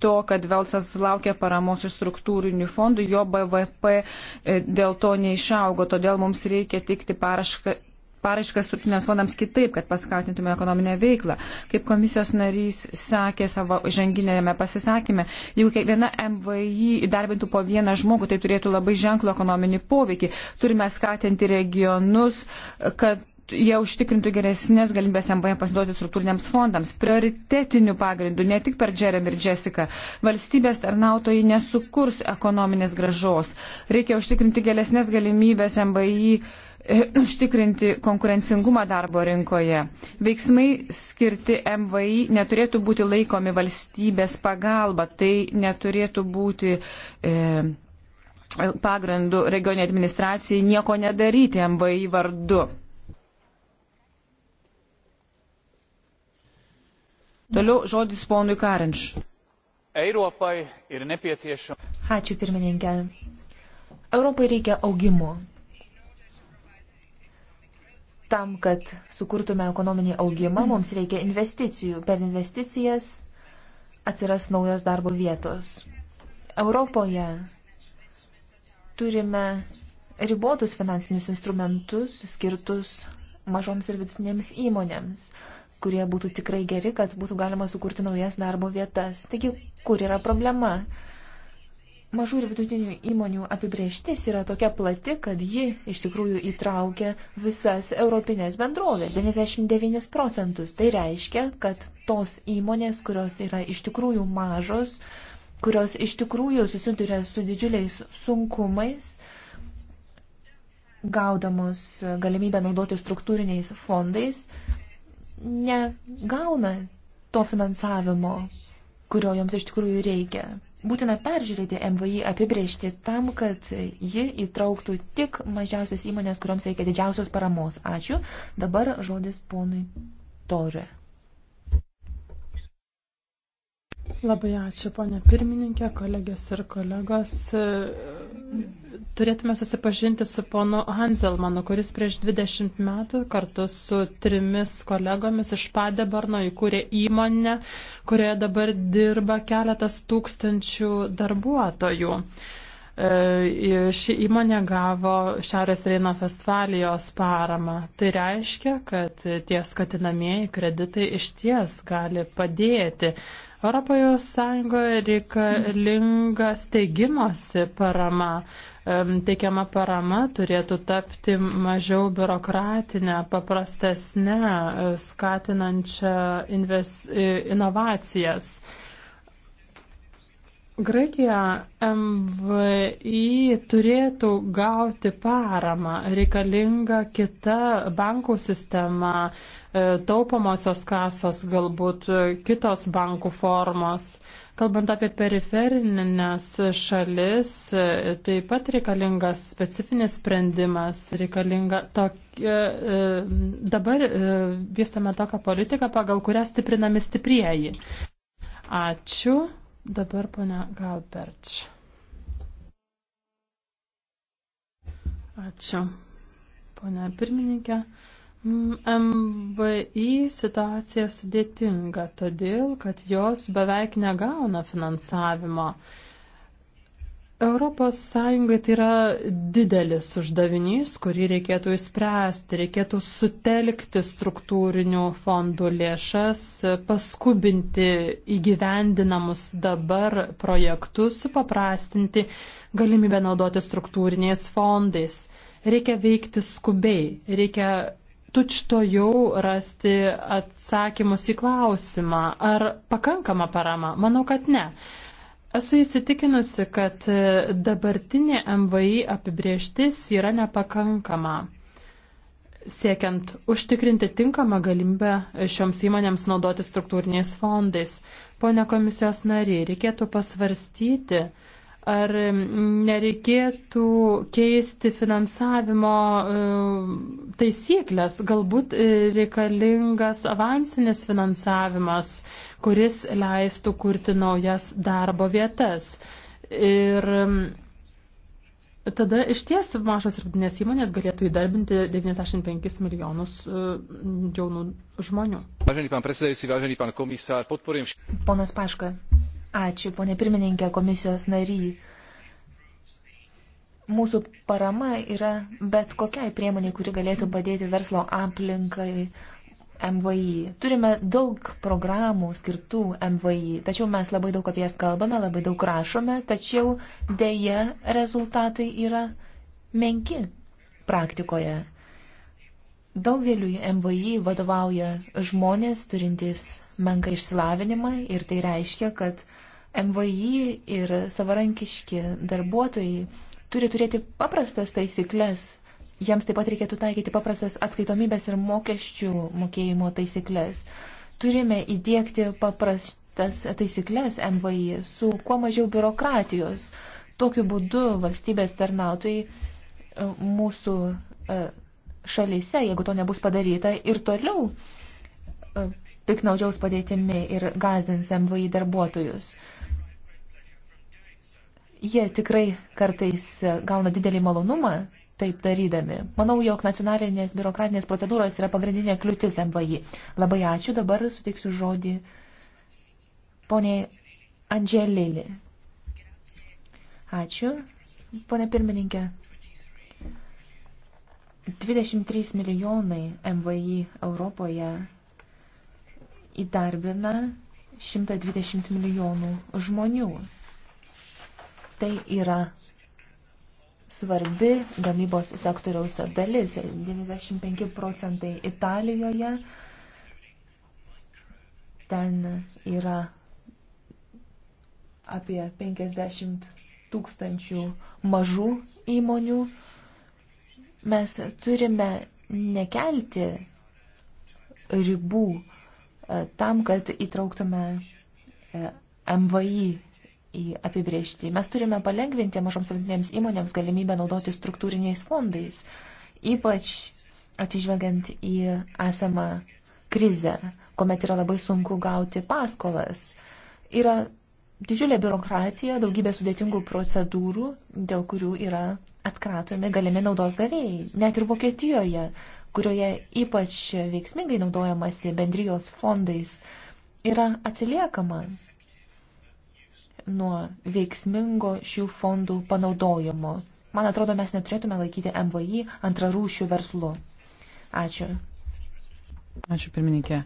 to, kad Velsas laukia paramos iš struktūrinių fondų, jo BVP e, dėl to neišaugo. Todėl mums reikia teikti parašką, paraiškas struktūrinės fondams kitaip, kad paskatintume ekonominę veiklą. Kaip komisijos narys sakė savo žanginėme pasisakymė, jeigu kiekviena MVI įdarbintų po vieną žmogų, tai turėtų labai ženklų ekonominį poveikį. Turime skatinti regionus, kad jie užtikrintų geresnės galimybės MVM pasiduoti struktūriniams fondams. Prioritetiniu pagrindu, ne tik per Jeremy ir Jessica, valstybės tarnautojai nesukurs ekonominės gražos. Reikia užtikrinti geresnės galimybės MVI E, užtikrinti konkurencingumą darbo rinkoje. Veiksmai skirti MVI neturėtų būti laikomi valstybės pagalba, tai neturėtų būti e, pagrindu regioniai administracijai nieko nedaryti MVI vardu. Toliau žodis ponui Karinš. Ačiū pirmininkė. Europai reikia augimo tam, kad sukurtume ekonominį augimą, mums reikia investicijų. Per investicijas atsiras naujos darbo vietos. Europoje turime ribotus finansinius instrumentus skirtus mažoms ir vidutinėms įmonėms, kurie būtų tikrai geri, kad būtų galima sukurti naujas darbo vietas. Taigi, kur yra problema? mažų ir vidutinių įmonių apibrieštis yra tokia plati, kad ji iš tikrųjų įtraukia visas europinės bendrovės - 99 procentus. Tai reiškia, kad tos įmonės, kurios yra iš tikrųjų mažos, kurios iš tikrųjų susiduria su didžiuliais sunkumais, gaudamos galimybę naudoti struktūriniais fondais, negauna to finansavimo, kurio joms iš tikrųjų reikia būtina peržiūrėti MVI apibriežti tam, kad ji įtrauktų tik mažiausias įmonės, kuriuoms reikia didžiausios paramos. Ačiū. Dabar žodis ponui Torė. Labai ačiū, ponė pirmininkė, kolegės ir kolegos. Turėtume susipažinti su ponu Hanselmanu, kuris prieš 20 metų kartu su trimis kolegomis iš Padebarno įkūrė įmonę, kurioje dabar dirba keletas tūkstančių darbuotojų. E, ši įmonė gavo Šiaurės Reino festivalijos paramą. Tai reiškia, kad tie skatinamieji kreditai iš ties gali padėti. Europoje sąjungoje reikalinga steigimosi parama teikiama parama turėtų tapti mažiau biurokratinę, paprastesnę, e, skatinančią e, inovacijas. Graikija MVI turėtų gauti paramą reikalingą kita bankų sistema, e, taupomosios kasos, galbūt kitos bankų formos. Kalbant apie periferinės šalis, taip pat reikalingas specifinis sprendimas, reikalinga tokia, e, e, dabar e, vystame tokią politiką, pagal kurią stiprinami stiprieji. Ačiū. Dabar ponia Galberč. Ačiū, ponia pirmininkė. MBI situacija sudėtinga, todėl kad jos beveik negauna finansavimo. Europos Sąjungai tai yra didelis uždavinys, kurį reikėtų įspręsti. Reikėtų sutelkti struktūrinių fondų lėšas, paskubinti įgyvendinamus dabar projektus, supaprastinti galimybę naudoti struktūriniais fondais. Reikia veikti skubiai, reikia tučto jau rasti atsakymus į klausimą, ar pakankama parama. Manau, kad ne. Esu įsitikinusi, kad dabartinė MVI apibrieštis yra nepakankama. Siekiant užtikrinti tinkamą galimybę šioms įmonėms naudoti struktūriniais fondais, ponia komisijos nariai, reikėtų pasvarstyti, Ar nereikėtų keisti finansavimo e, taisyklės? Galbūt e, reikalingas avansinis finansavimas, kuris leistų kurti naujas darbo vietas. Ir e, tada iš ties mažos ir vidinės įmonės galėtų įdarbinti 95 milijonus jaunų žmonių. Ponas Paška, Ačiū, ponė pirmininkė, komisijos nary. Mūsų parama yra bet kokiai priemonė, kuri galėtų padėti verslo aplinkai MVI. Turime daug programų skirtų MVI, tačiau mes labai daug apie jas kalbame, labai daug rašome, tačiau dėje rezultatai yra menki praktikoje. Daugeliui MVI vadovauja žmonės turintys menką išsilavinimą ir tai reiškia, kad MVI ir savarankiški darbuotojai turi turėti paprastas taisyklės. Jiems taip pat reikėtų taikyti paprastas atskaitomybės ir mokesčių mokėjimo taisyklės. Turime įdėkti paprastas taisyklės MVI su kuo mažiau biurokratijos. Tokiu būdu valstybės tarnautojai e, mūsų e, šalyse, jeigu to nebus padaryta ir toliau e, piknaudžiaus padėtimi ir gazdins MVI darbuotojus. Jie tikrai kartais gauna didelį malonumą taip darydami. Manau, jog nacionalinės biurokratinės procedūros yra pagrindinė kliūtis MVI. Labai ačiū, dabar suteiksiu žodį poniai Andželėlį. Ačiū, ponė pirmininkė. 23 milijonai MVI Europoje įdarbina 120 milijonų žmonių. Tai yra svarbi gamybos sektoriaus dalis. 95 procentai Italijoje ten yra apie 50 tūkstančių mažų įmonių Mes turime nekelti ribų e, tam, kad įtrauktume e, MVI į apibriežtį. Mes turime palengvinti mažoms vidutinėms įmonėms galimybę naudoti struktūriniais fondais, ypač atsižvelgiant į esamą krizę, kuomet yra labai sunku gauti paskolas. Yra didžiulė biurokratija, daugybė sudėtingų procedūrų, dėl kurių yra atkratomi galimi naudos gavėjai. Net ir Vokietijoje, kurioje ypač veiksmingai naudojamasi bendrijos fondais, yra atsiliekama nuo veiksmingo šių fondų panaudojimo. Man atrodo, mes neturėtume laikyti MVI antrarūšių verslu. Ačiū. Ačiū pirmininkė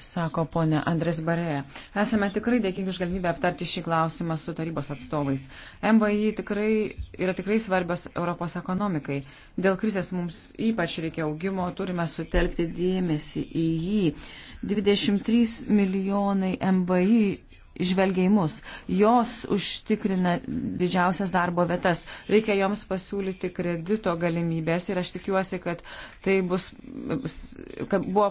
sako ponė Andres Barėja. Esame tikrai dėkingi už galimybę aptarti šį klausimą su tarybos atstovais. MVI tikrai yra tikrai svarbios Europos ekonomikai. Dėl krizės mums ypač reikia augimo, turime sutelkti dėmesį į jį. 23 milijonai MVI žvelgia į mus. Jos užtikrina didžiausias darbo vietas. Reikia joms pasiūlyti kredito galimybės ir aš tikiuosi, kad tai bus, kad buvo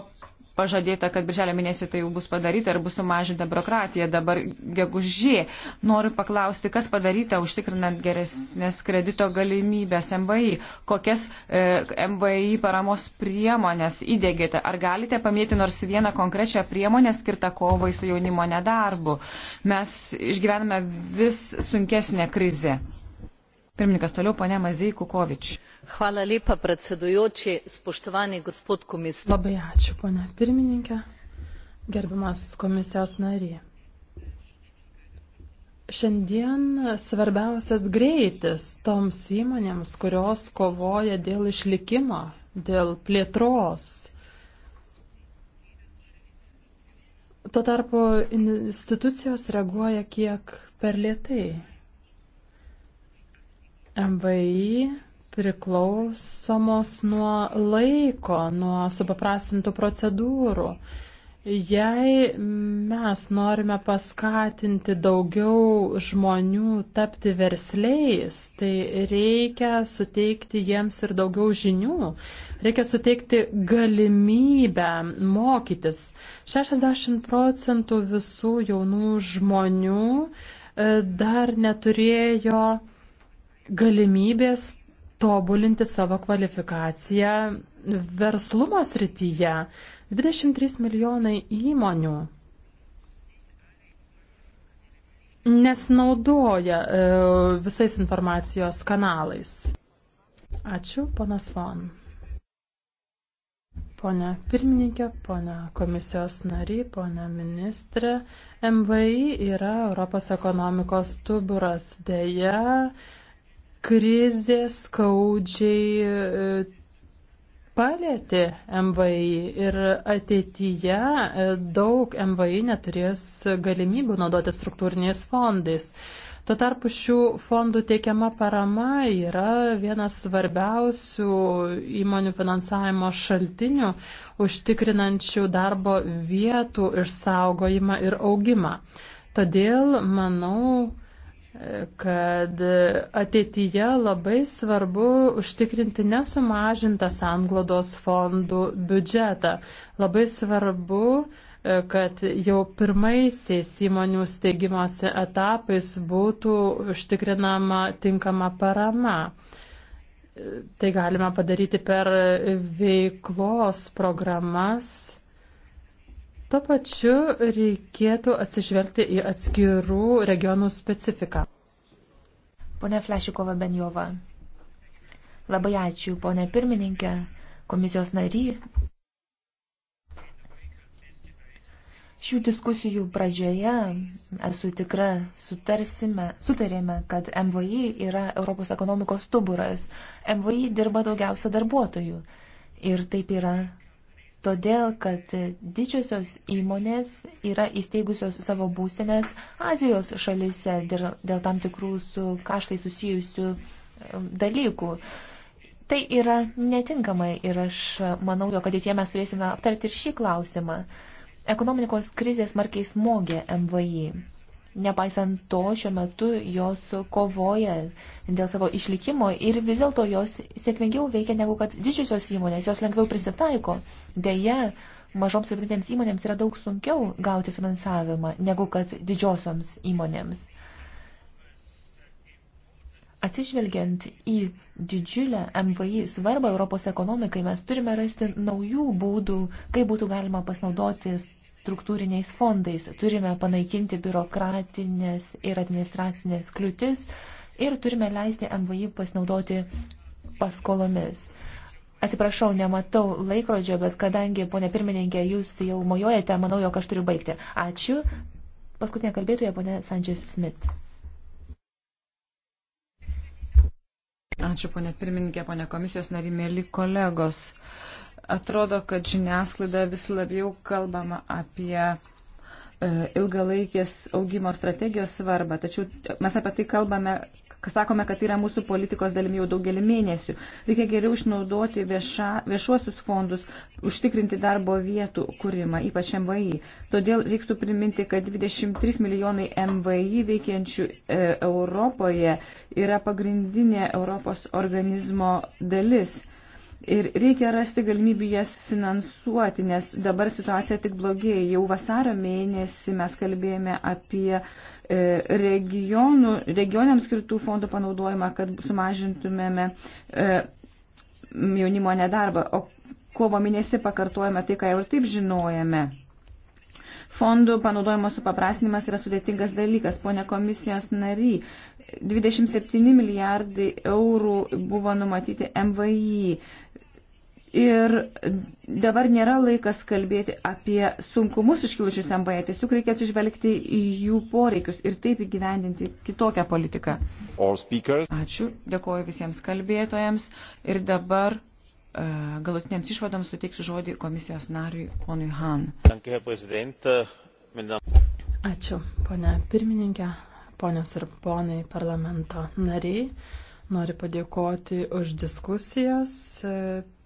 pažadėta, kad birželio mėnesį tai jau bus padaryta ir bus sumažinta biurokratija. Dabar gegužė noriu paklausti, kas padaryta užtikrinant geresnės kredito galimybės MVI, kokias e, MVI paramos priemonės įdėgėte. Ar galite paminėti nors vieną konkrečią priemonę skirtą kovai su jaunimo nedarbu? Mes išgyvename vis sunkesnę krizę. Pirmininkas toliau, ponė Mazij Kukovič. Hvala lepa, predsedujoči, spoštovani gospod komisar. Labai ačiū, ponė pirmininkė, gerbiamas komisijos narė. Šiandien svarbiausias greitis toms įmonėms, kurios kovoja dėl išlikimo, dėl plėtros. Tuo tarpu institucijos reaguoja kiek per lietai. MVI priklausomos nuo laiko, nuo supaprastintų procedūrų. Jei mes norime paskatinti daugiau žmonių tapti versliais, tai reikia suteikti jiems ir daugiau žinių, reikia suteikti galimybę mokytis. 60 procentų visų jaunų žmonių e, dar neturėjo galimybės tobulinti savo kvalifikaciją verslumo srityje. 23 milijonai įmonių nesinaudoja e, visais informacijos kanalais. Ačiū, ponas Von. Pone pirmininkė, pone komisijos nary, pone ministrė, MVI yra Europos ekonomikos stuburas. Deja, krizė skaudžiai e, palėtė MVI ir ateityje e, daug MVI neturės galimybių naudoti struktūriniais fondais. Tuo tarpu šių fondų teikiama parama yra vienas svarbiausių įmonių finansavimo šaltinių, užtikrinančių darbo vietų išsaugojimą ir augimą. Todėl manau, kad ateityje labai svarbu užtikrinti nesumažintą sanglodos fondų biudžetą. Labai svarbu, e, kad jau pirmaisiais įmonių steigimuose etapais būtų užtikrinama tinkama parama. E, tai galima padaryti per veiklos programas Tuo pačiu reikėtų atsižvelgti į atskirų regionų specifiką. Pone Flešikova Benjova. Labai ačiū, ponė pirmininkė, komisijos nary. Šių diskusijų pradžioje esu tikra, sutarsime, sutarėme, kad MVI yra Europos ekonomikos stuburas. MVI dirba daugiausia darbuotojų. Ir taip yra todėl kad didžiosios įmonės yra įsteigusios savo būstinės Azijos šalise dėl, dėl tam tikrų su kaštai susijusių dalykų. Tai yra netinkamai ir aš manau, jog ateitie mes turėsime aptarti ir šį klausimą. Ekonomikos krizė smarkiai smogė MVI. Nepaisant to, šiuo metu jos kovoja dėl savo išlikimo ir vis dėlto jos sėkmingiau veikia negu kad didžiosios įmonės, jos lengviau prisitaiko. Deja, mažoms ir vidutinėms įmonėms yra daug sunkiau gauti finansavimą negu kad didžiosioms įmonėms. Atsižvelgiant į didžiulę MVI svarbą Europos ekonomikai, mes turime rasti naujų būdų, kaip būtų galima pasinaudoti struktūriniais fondais. Turime panaikinti biurokratinės ir administracinės kliūtis ir turime leisti MVI pasinaudoti paskolomis. Atsiprašau, nematau laikrodžio, bet kadangi, ponė pirmininkė, jūs jau mojojate, manau, jog aš turiu baigti. Ačiū. Paskutinė kalbėtoja, ponė Sančias Smith. Ačiū, ponė pirmininkė, ponė komisijos nari, mėly kolegos. Atrodo, kad žiniasklaida vis labiau kalbama apie e, ilgalaikės augimo strategijos svarbą. Tačiau mes apie tai kalbame, sakome, kad tai yra mūsų politikos dalimi jau daugelį mėnesių. Reikia geriau išnaudoti vieša, viešuosius fondus, užtikrinti darbo vietų kūrimą, ypač MVI. Todėl reiktų priminti, kad 23 milijonai MVI veikiančių e, Europoje yra pagrindinė Europos organizmo dalis Ir reikia rasti galimybių jas finansuoti, nes dabar situacija tik blogėja. Jau vasario mėnesį mes kalbėjome apie e, regionų, regioniams skirtų fondų panaudojimą, kad sumažintumėme e, jaunimo nedarbą. O kovo mėnesį pakartojame tai, ką jau ir taip žinojame. Fondų panaudojimo supaprastinimas yra sudėtingas dalykas, ponė komisijos nary. 27 milijardai eurų buvo numatyti MVI. Ir dabar nėra laikas kalbėti apie sunkumus iškilusius MBA, tiesiog reikia atsižvelgti į jų poreikius ir taip įgyvendinti kitokią politiką. Ačiū, dėkoju visiems kalbėtojams ir dabar e, galutiniams išvadams suteiksiu žodį komisijos nariui ponui Han. Ačiū, ponia pirmininkė, Ponios ir ponai parlamento nariai, noriu padėkoti už diskusijas.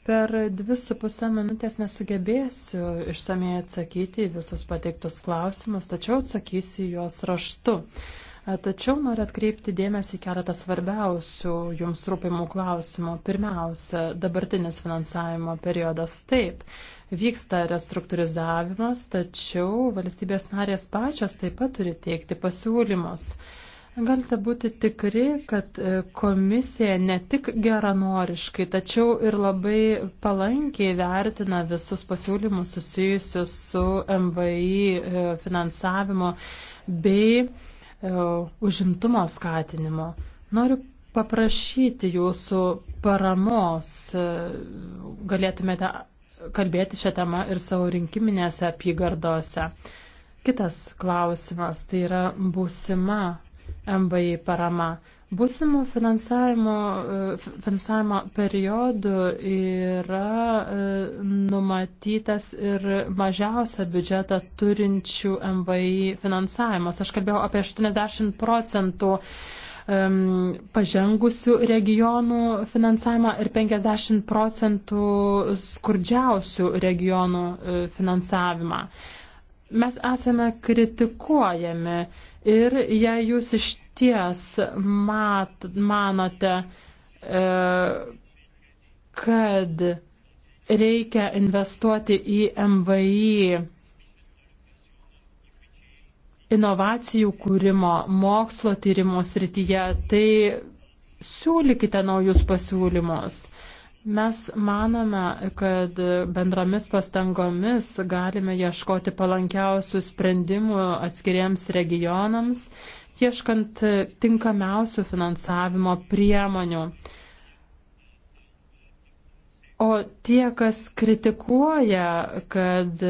Per dvi su pusę minutės nesugebėsiu išsamei atsakyti į visus pateiktus klausimus, tačiau atsakysiu juos raštu. E, tačiau noriu atkreipti dėmesį keletą svarbiausių jums rūpimų klausimų. Pirmiausia, dabartinis finansavimo periodas taip. Vyksta restruktūrizavimas, tačiau valstybės narės pačios taip pat turi teikti pasiūlymus. Galite būti tikri, kad e, komisija ne tik geranoriškai, tačiau ir labai palankiai vertina visus pasiūlymus susijusius su MVI e, finansavimo bei e, užimtumo skatinimo. Noriu paprašyti jūsų paramos, galėtumėte kalbėti šią temą ir savo rinkiminėse apygardose. Kitas klausimas tai yra būsima MVI parama. Būsimų finansavimo, e, finansavimo periodų yra e, numatytas ir mažiausią biudžetą turinčių MVI finansavimas. Aš kalbėjau apie 80 procentų pažengusių regionų finansavimą ir 50 procentų skurdžiausių regionų e, finansavimą. Mes esame kritikuojami ir jei jūs iš ties mat, manote, e, kad reikia investuoti į MVI inovacijų kūrimo, mokslo tyrimo srityje, tai siūlykite naujus pasiūlymus. Mes manome, kad bendromis pastangomis galime ieškoti palankiausių sprendimų atskiriems regionams, ieškant tinkamiausių finansavimo priemonių. O tie, kas kritikuoja, kad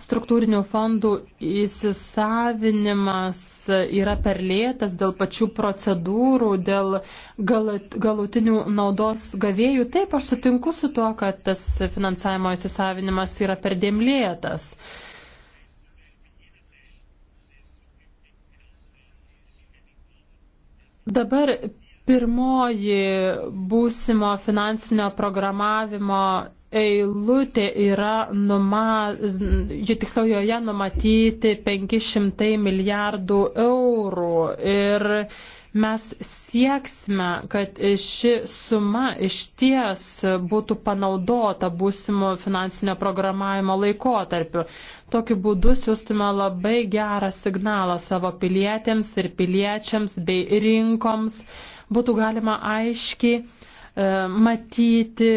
struktūrinių fondų įsisavinimas yra per lėtas dėl pačių procedūrų, dėl galutinių naudos gavėjų. Taip, aš sutinku su tuo, kad tas finansavimo įsisavinimas yra per dėmlėtas. Dabar pirmoji būsimo finansinio programavimo eilutė yra numa, tiksliau joje numatyti 500 milijardų eurų ir mes sieksime, kad ši suma iš ties būtų panaudota būsimo finansinio programavimo laikotarpiu. Tokiu būdu siūstume labai gerą signalą savo pilietėms ir piliečiams bei rinkoms. Būtų galima aiškiai e, matyti,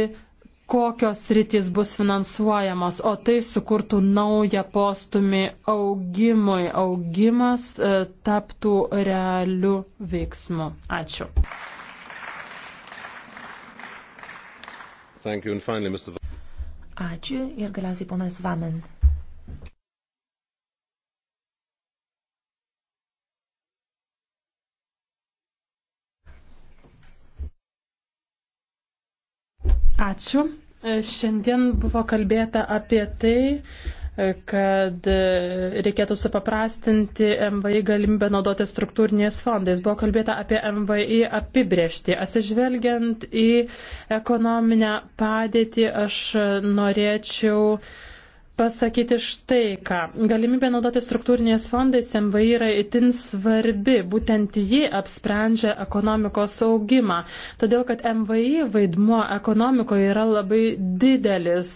kokios rytis bus finansuojamos, o tai sukurtų naują postumį augimui. Augimas e, taptų realiu veiksmu. Ačiū. Finally, Ačiū ir galiausiai ponas Vamen. Ačiū. Šiandien buvo kalbėta apie tai, kad reikėtų supaprastinti MVI galimybę naudoti struktūrinės fondais. Buvo kalbėta apie MVI apibriežtį. Atsižvelgiant į ekonominę padėtį, aš norėčiau uh, pasakyti štai ką. Galimybė naudoti struktūrinės fondais MVI yra itin svarbi, būtent ji apsprendžia ekonomikos augimą, todėl kad MVI vaidmuo ekonomikoje yra labai didelis.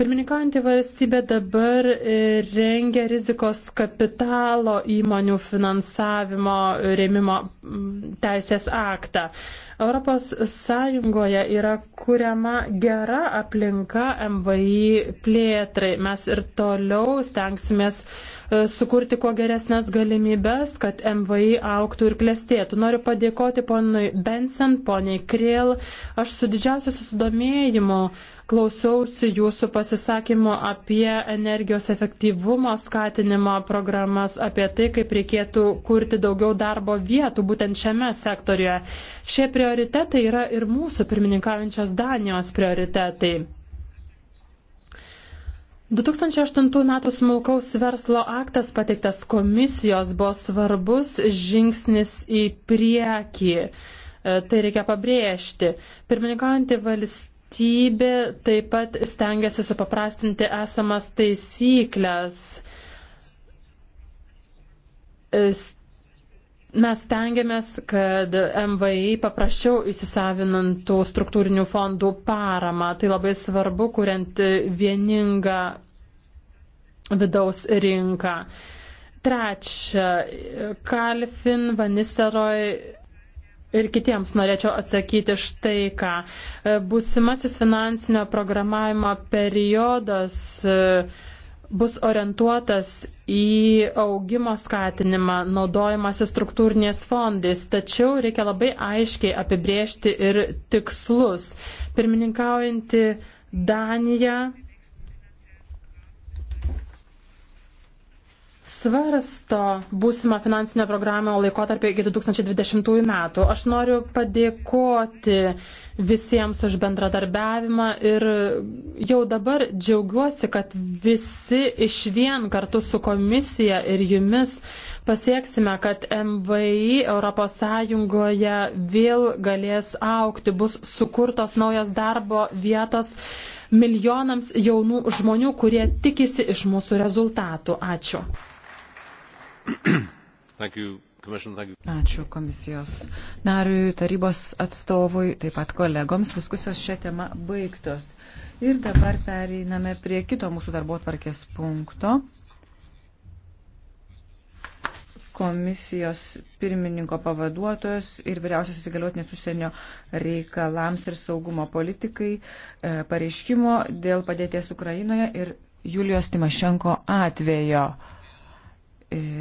Pirmininkaujantį valstybę dabar e, rengia rizikos kapitalo įmonių finansavimo rėmimo teisės aktą. ES yra kuriama gera aplinka MVI plėtrai. Mes ir toliau stengsimės e, sukurti kuo geresnės galimybės, kad MVI auktų ir klestėtų. Noriu padėkoti ponui Benson, poniai Kriel. Aš su didžiausiu susidomėjimu klausiausi jūsų pasisakymo apie energijos efektyvumo skatinimo programas, apie tai, kaip reikėtų kurti daugiau darbo vietų būtent šiame sektorijoje. Šie prie prioritetai yra ir mūsų pirmininkaujančios Danijos prioritetai. 2008 m. smulkaus verslo aktas pateiktas komisijos buvo svarbus žingsnis į priekį. E, tai reikia pabrėžti. Pirmininkaujantį valstybę taip pat stengiasi supaprastinti esamas taisyklės e, Mes tengiamės, kad MVI paprasčiau įsisavinantų struktūrinių fondų paramą. Tai labai svarbu, kuriant vieningą vidaus rinką. Trečia, Kalfin, Vanisteroj ir kitiems norėčiau atsakyti štai ką. Būsimasis finansinio programavimo periodas uh, bus orientuotas į augimo skatinimą, naudojimąsi struktūrinės fondais, tačiau reikia labai aiškiai apibriežti ir tikslus. Pirmininkaujanti Danija svarsto būsimą finansinę programą laikotarpį iki 2020 metų. Aš noriu padėkoti visiems už bendradarbiavimą ir jau dabar džiaugiuosi, kad visi iš vien kartu su komisija ir jumis pasieksime, kad MVI ES vėl galės aukti, bus sukurtos naujos darbo vietos milijonams jaunų žmonių, kurie tikisi iš mūsų rezultatų. Ačiū. Ačiū komisijos nariui, tarybos atstovui, taip pat kolegoms. Diskusijos šią temą baigtos. Ir dabar pereiname prie kito mūsų darbo tvarkės punkto. Komisijos pirmininko pavaduotojas ir vyriausias įsigaliotinės užsienio reikalams ir saugumo politikai e, pareiškimo dėl padėties Ukrainoje ir Julijos Timašenko atvejo. E,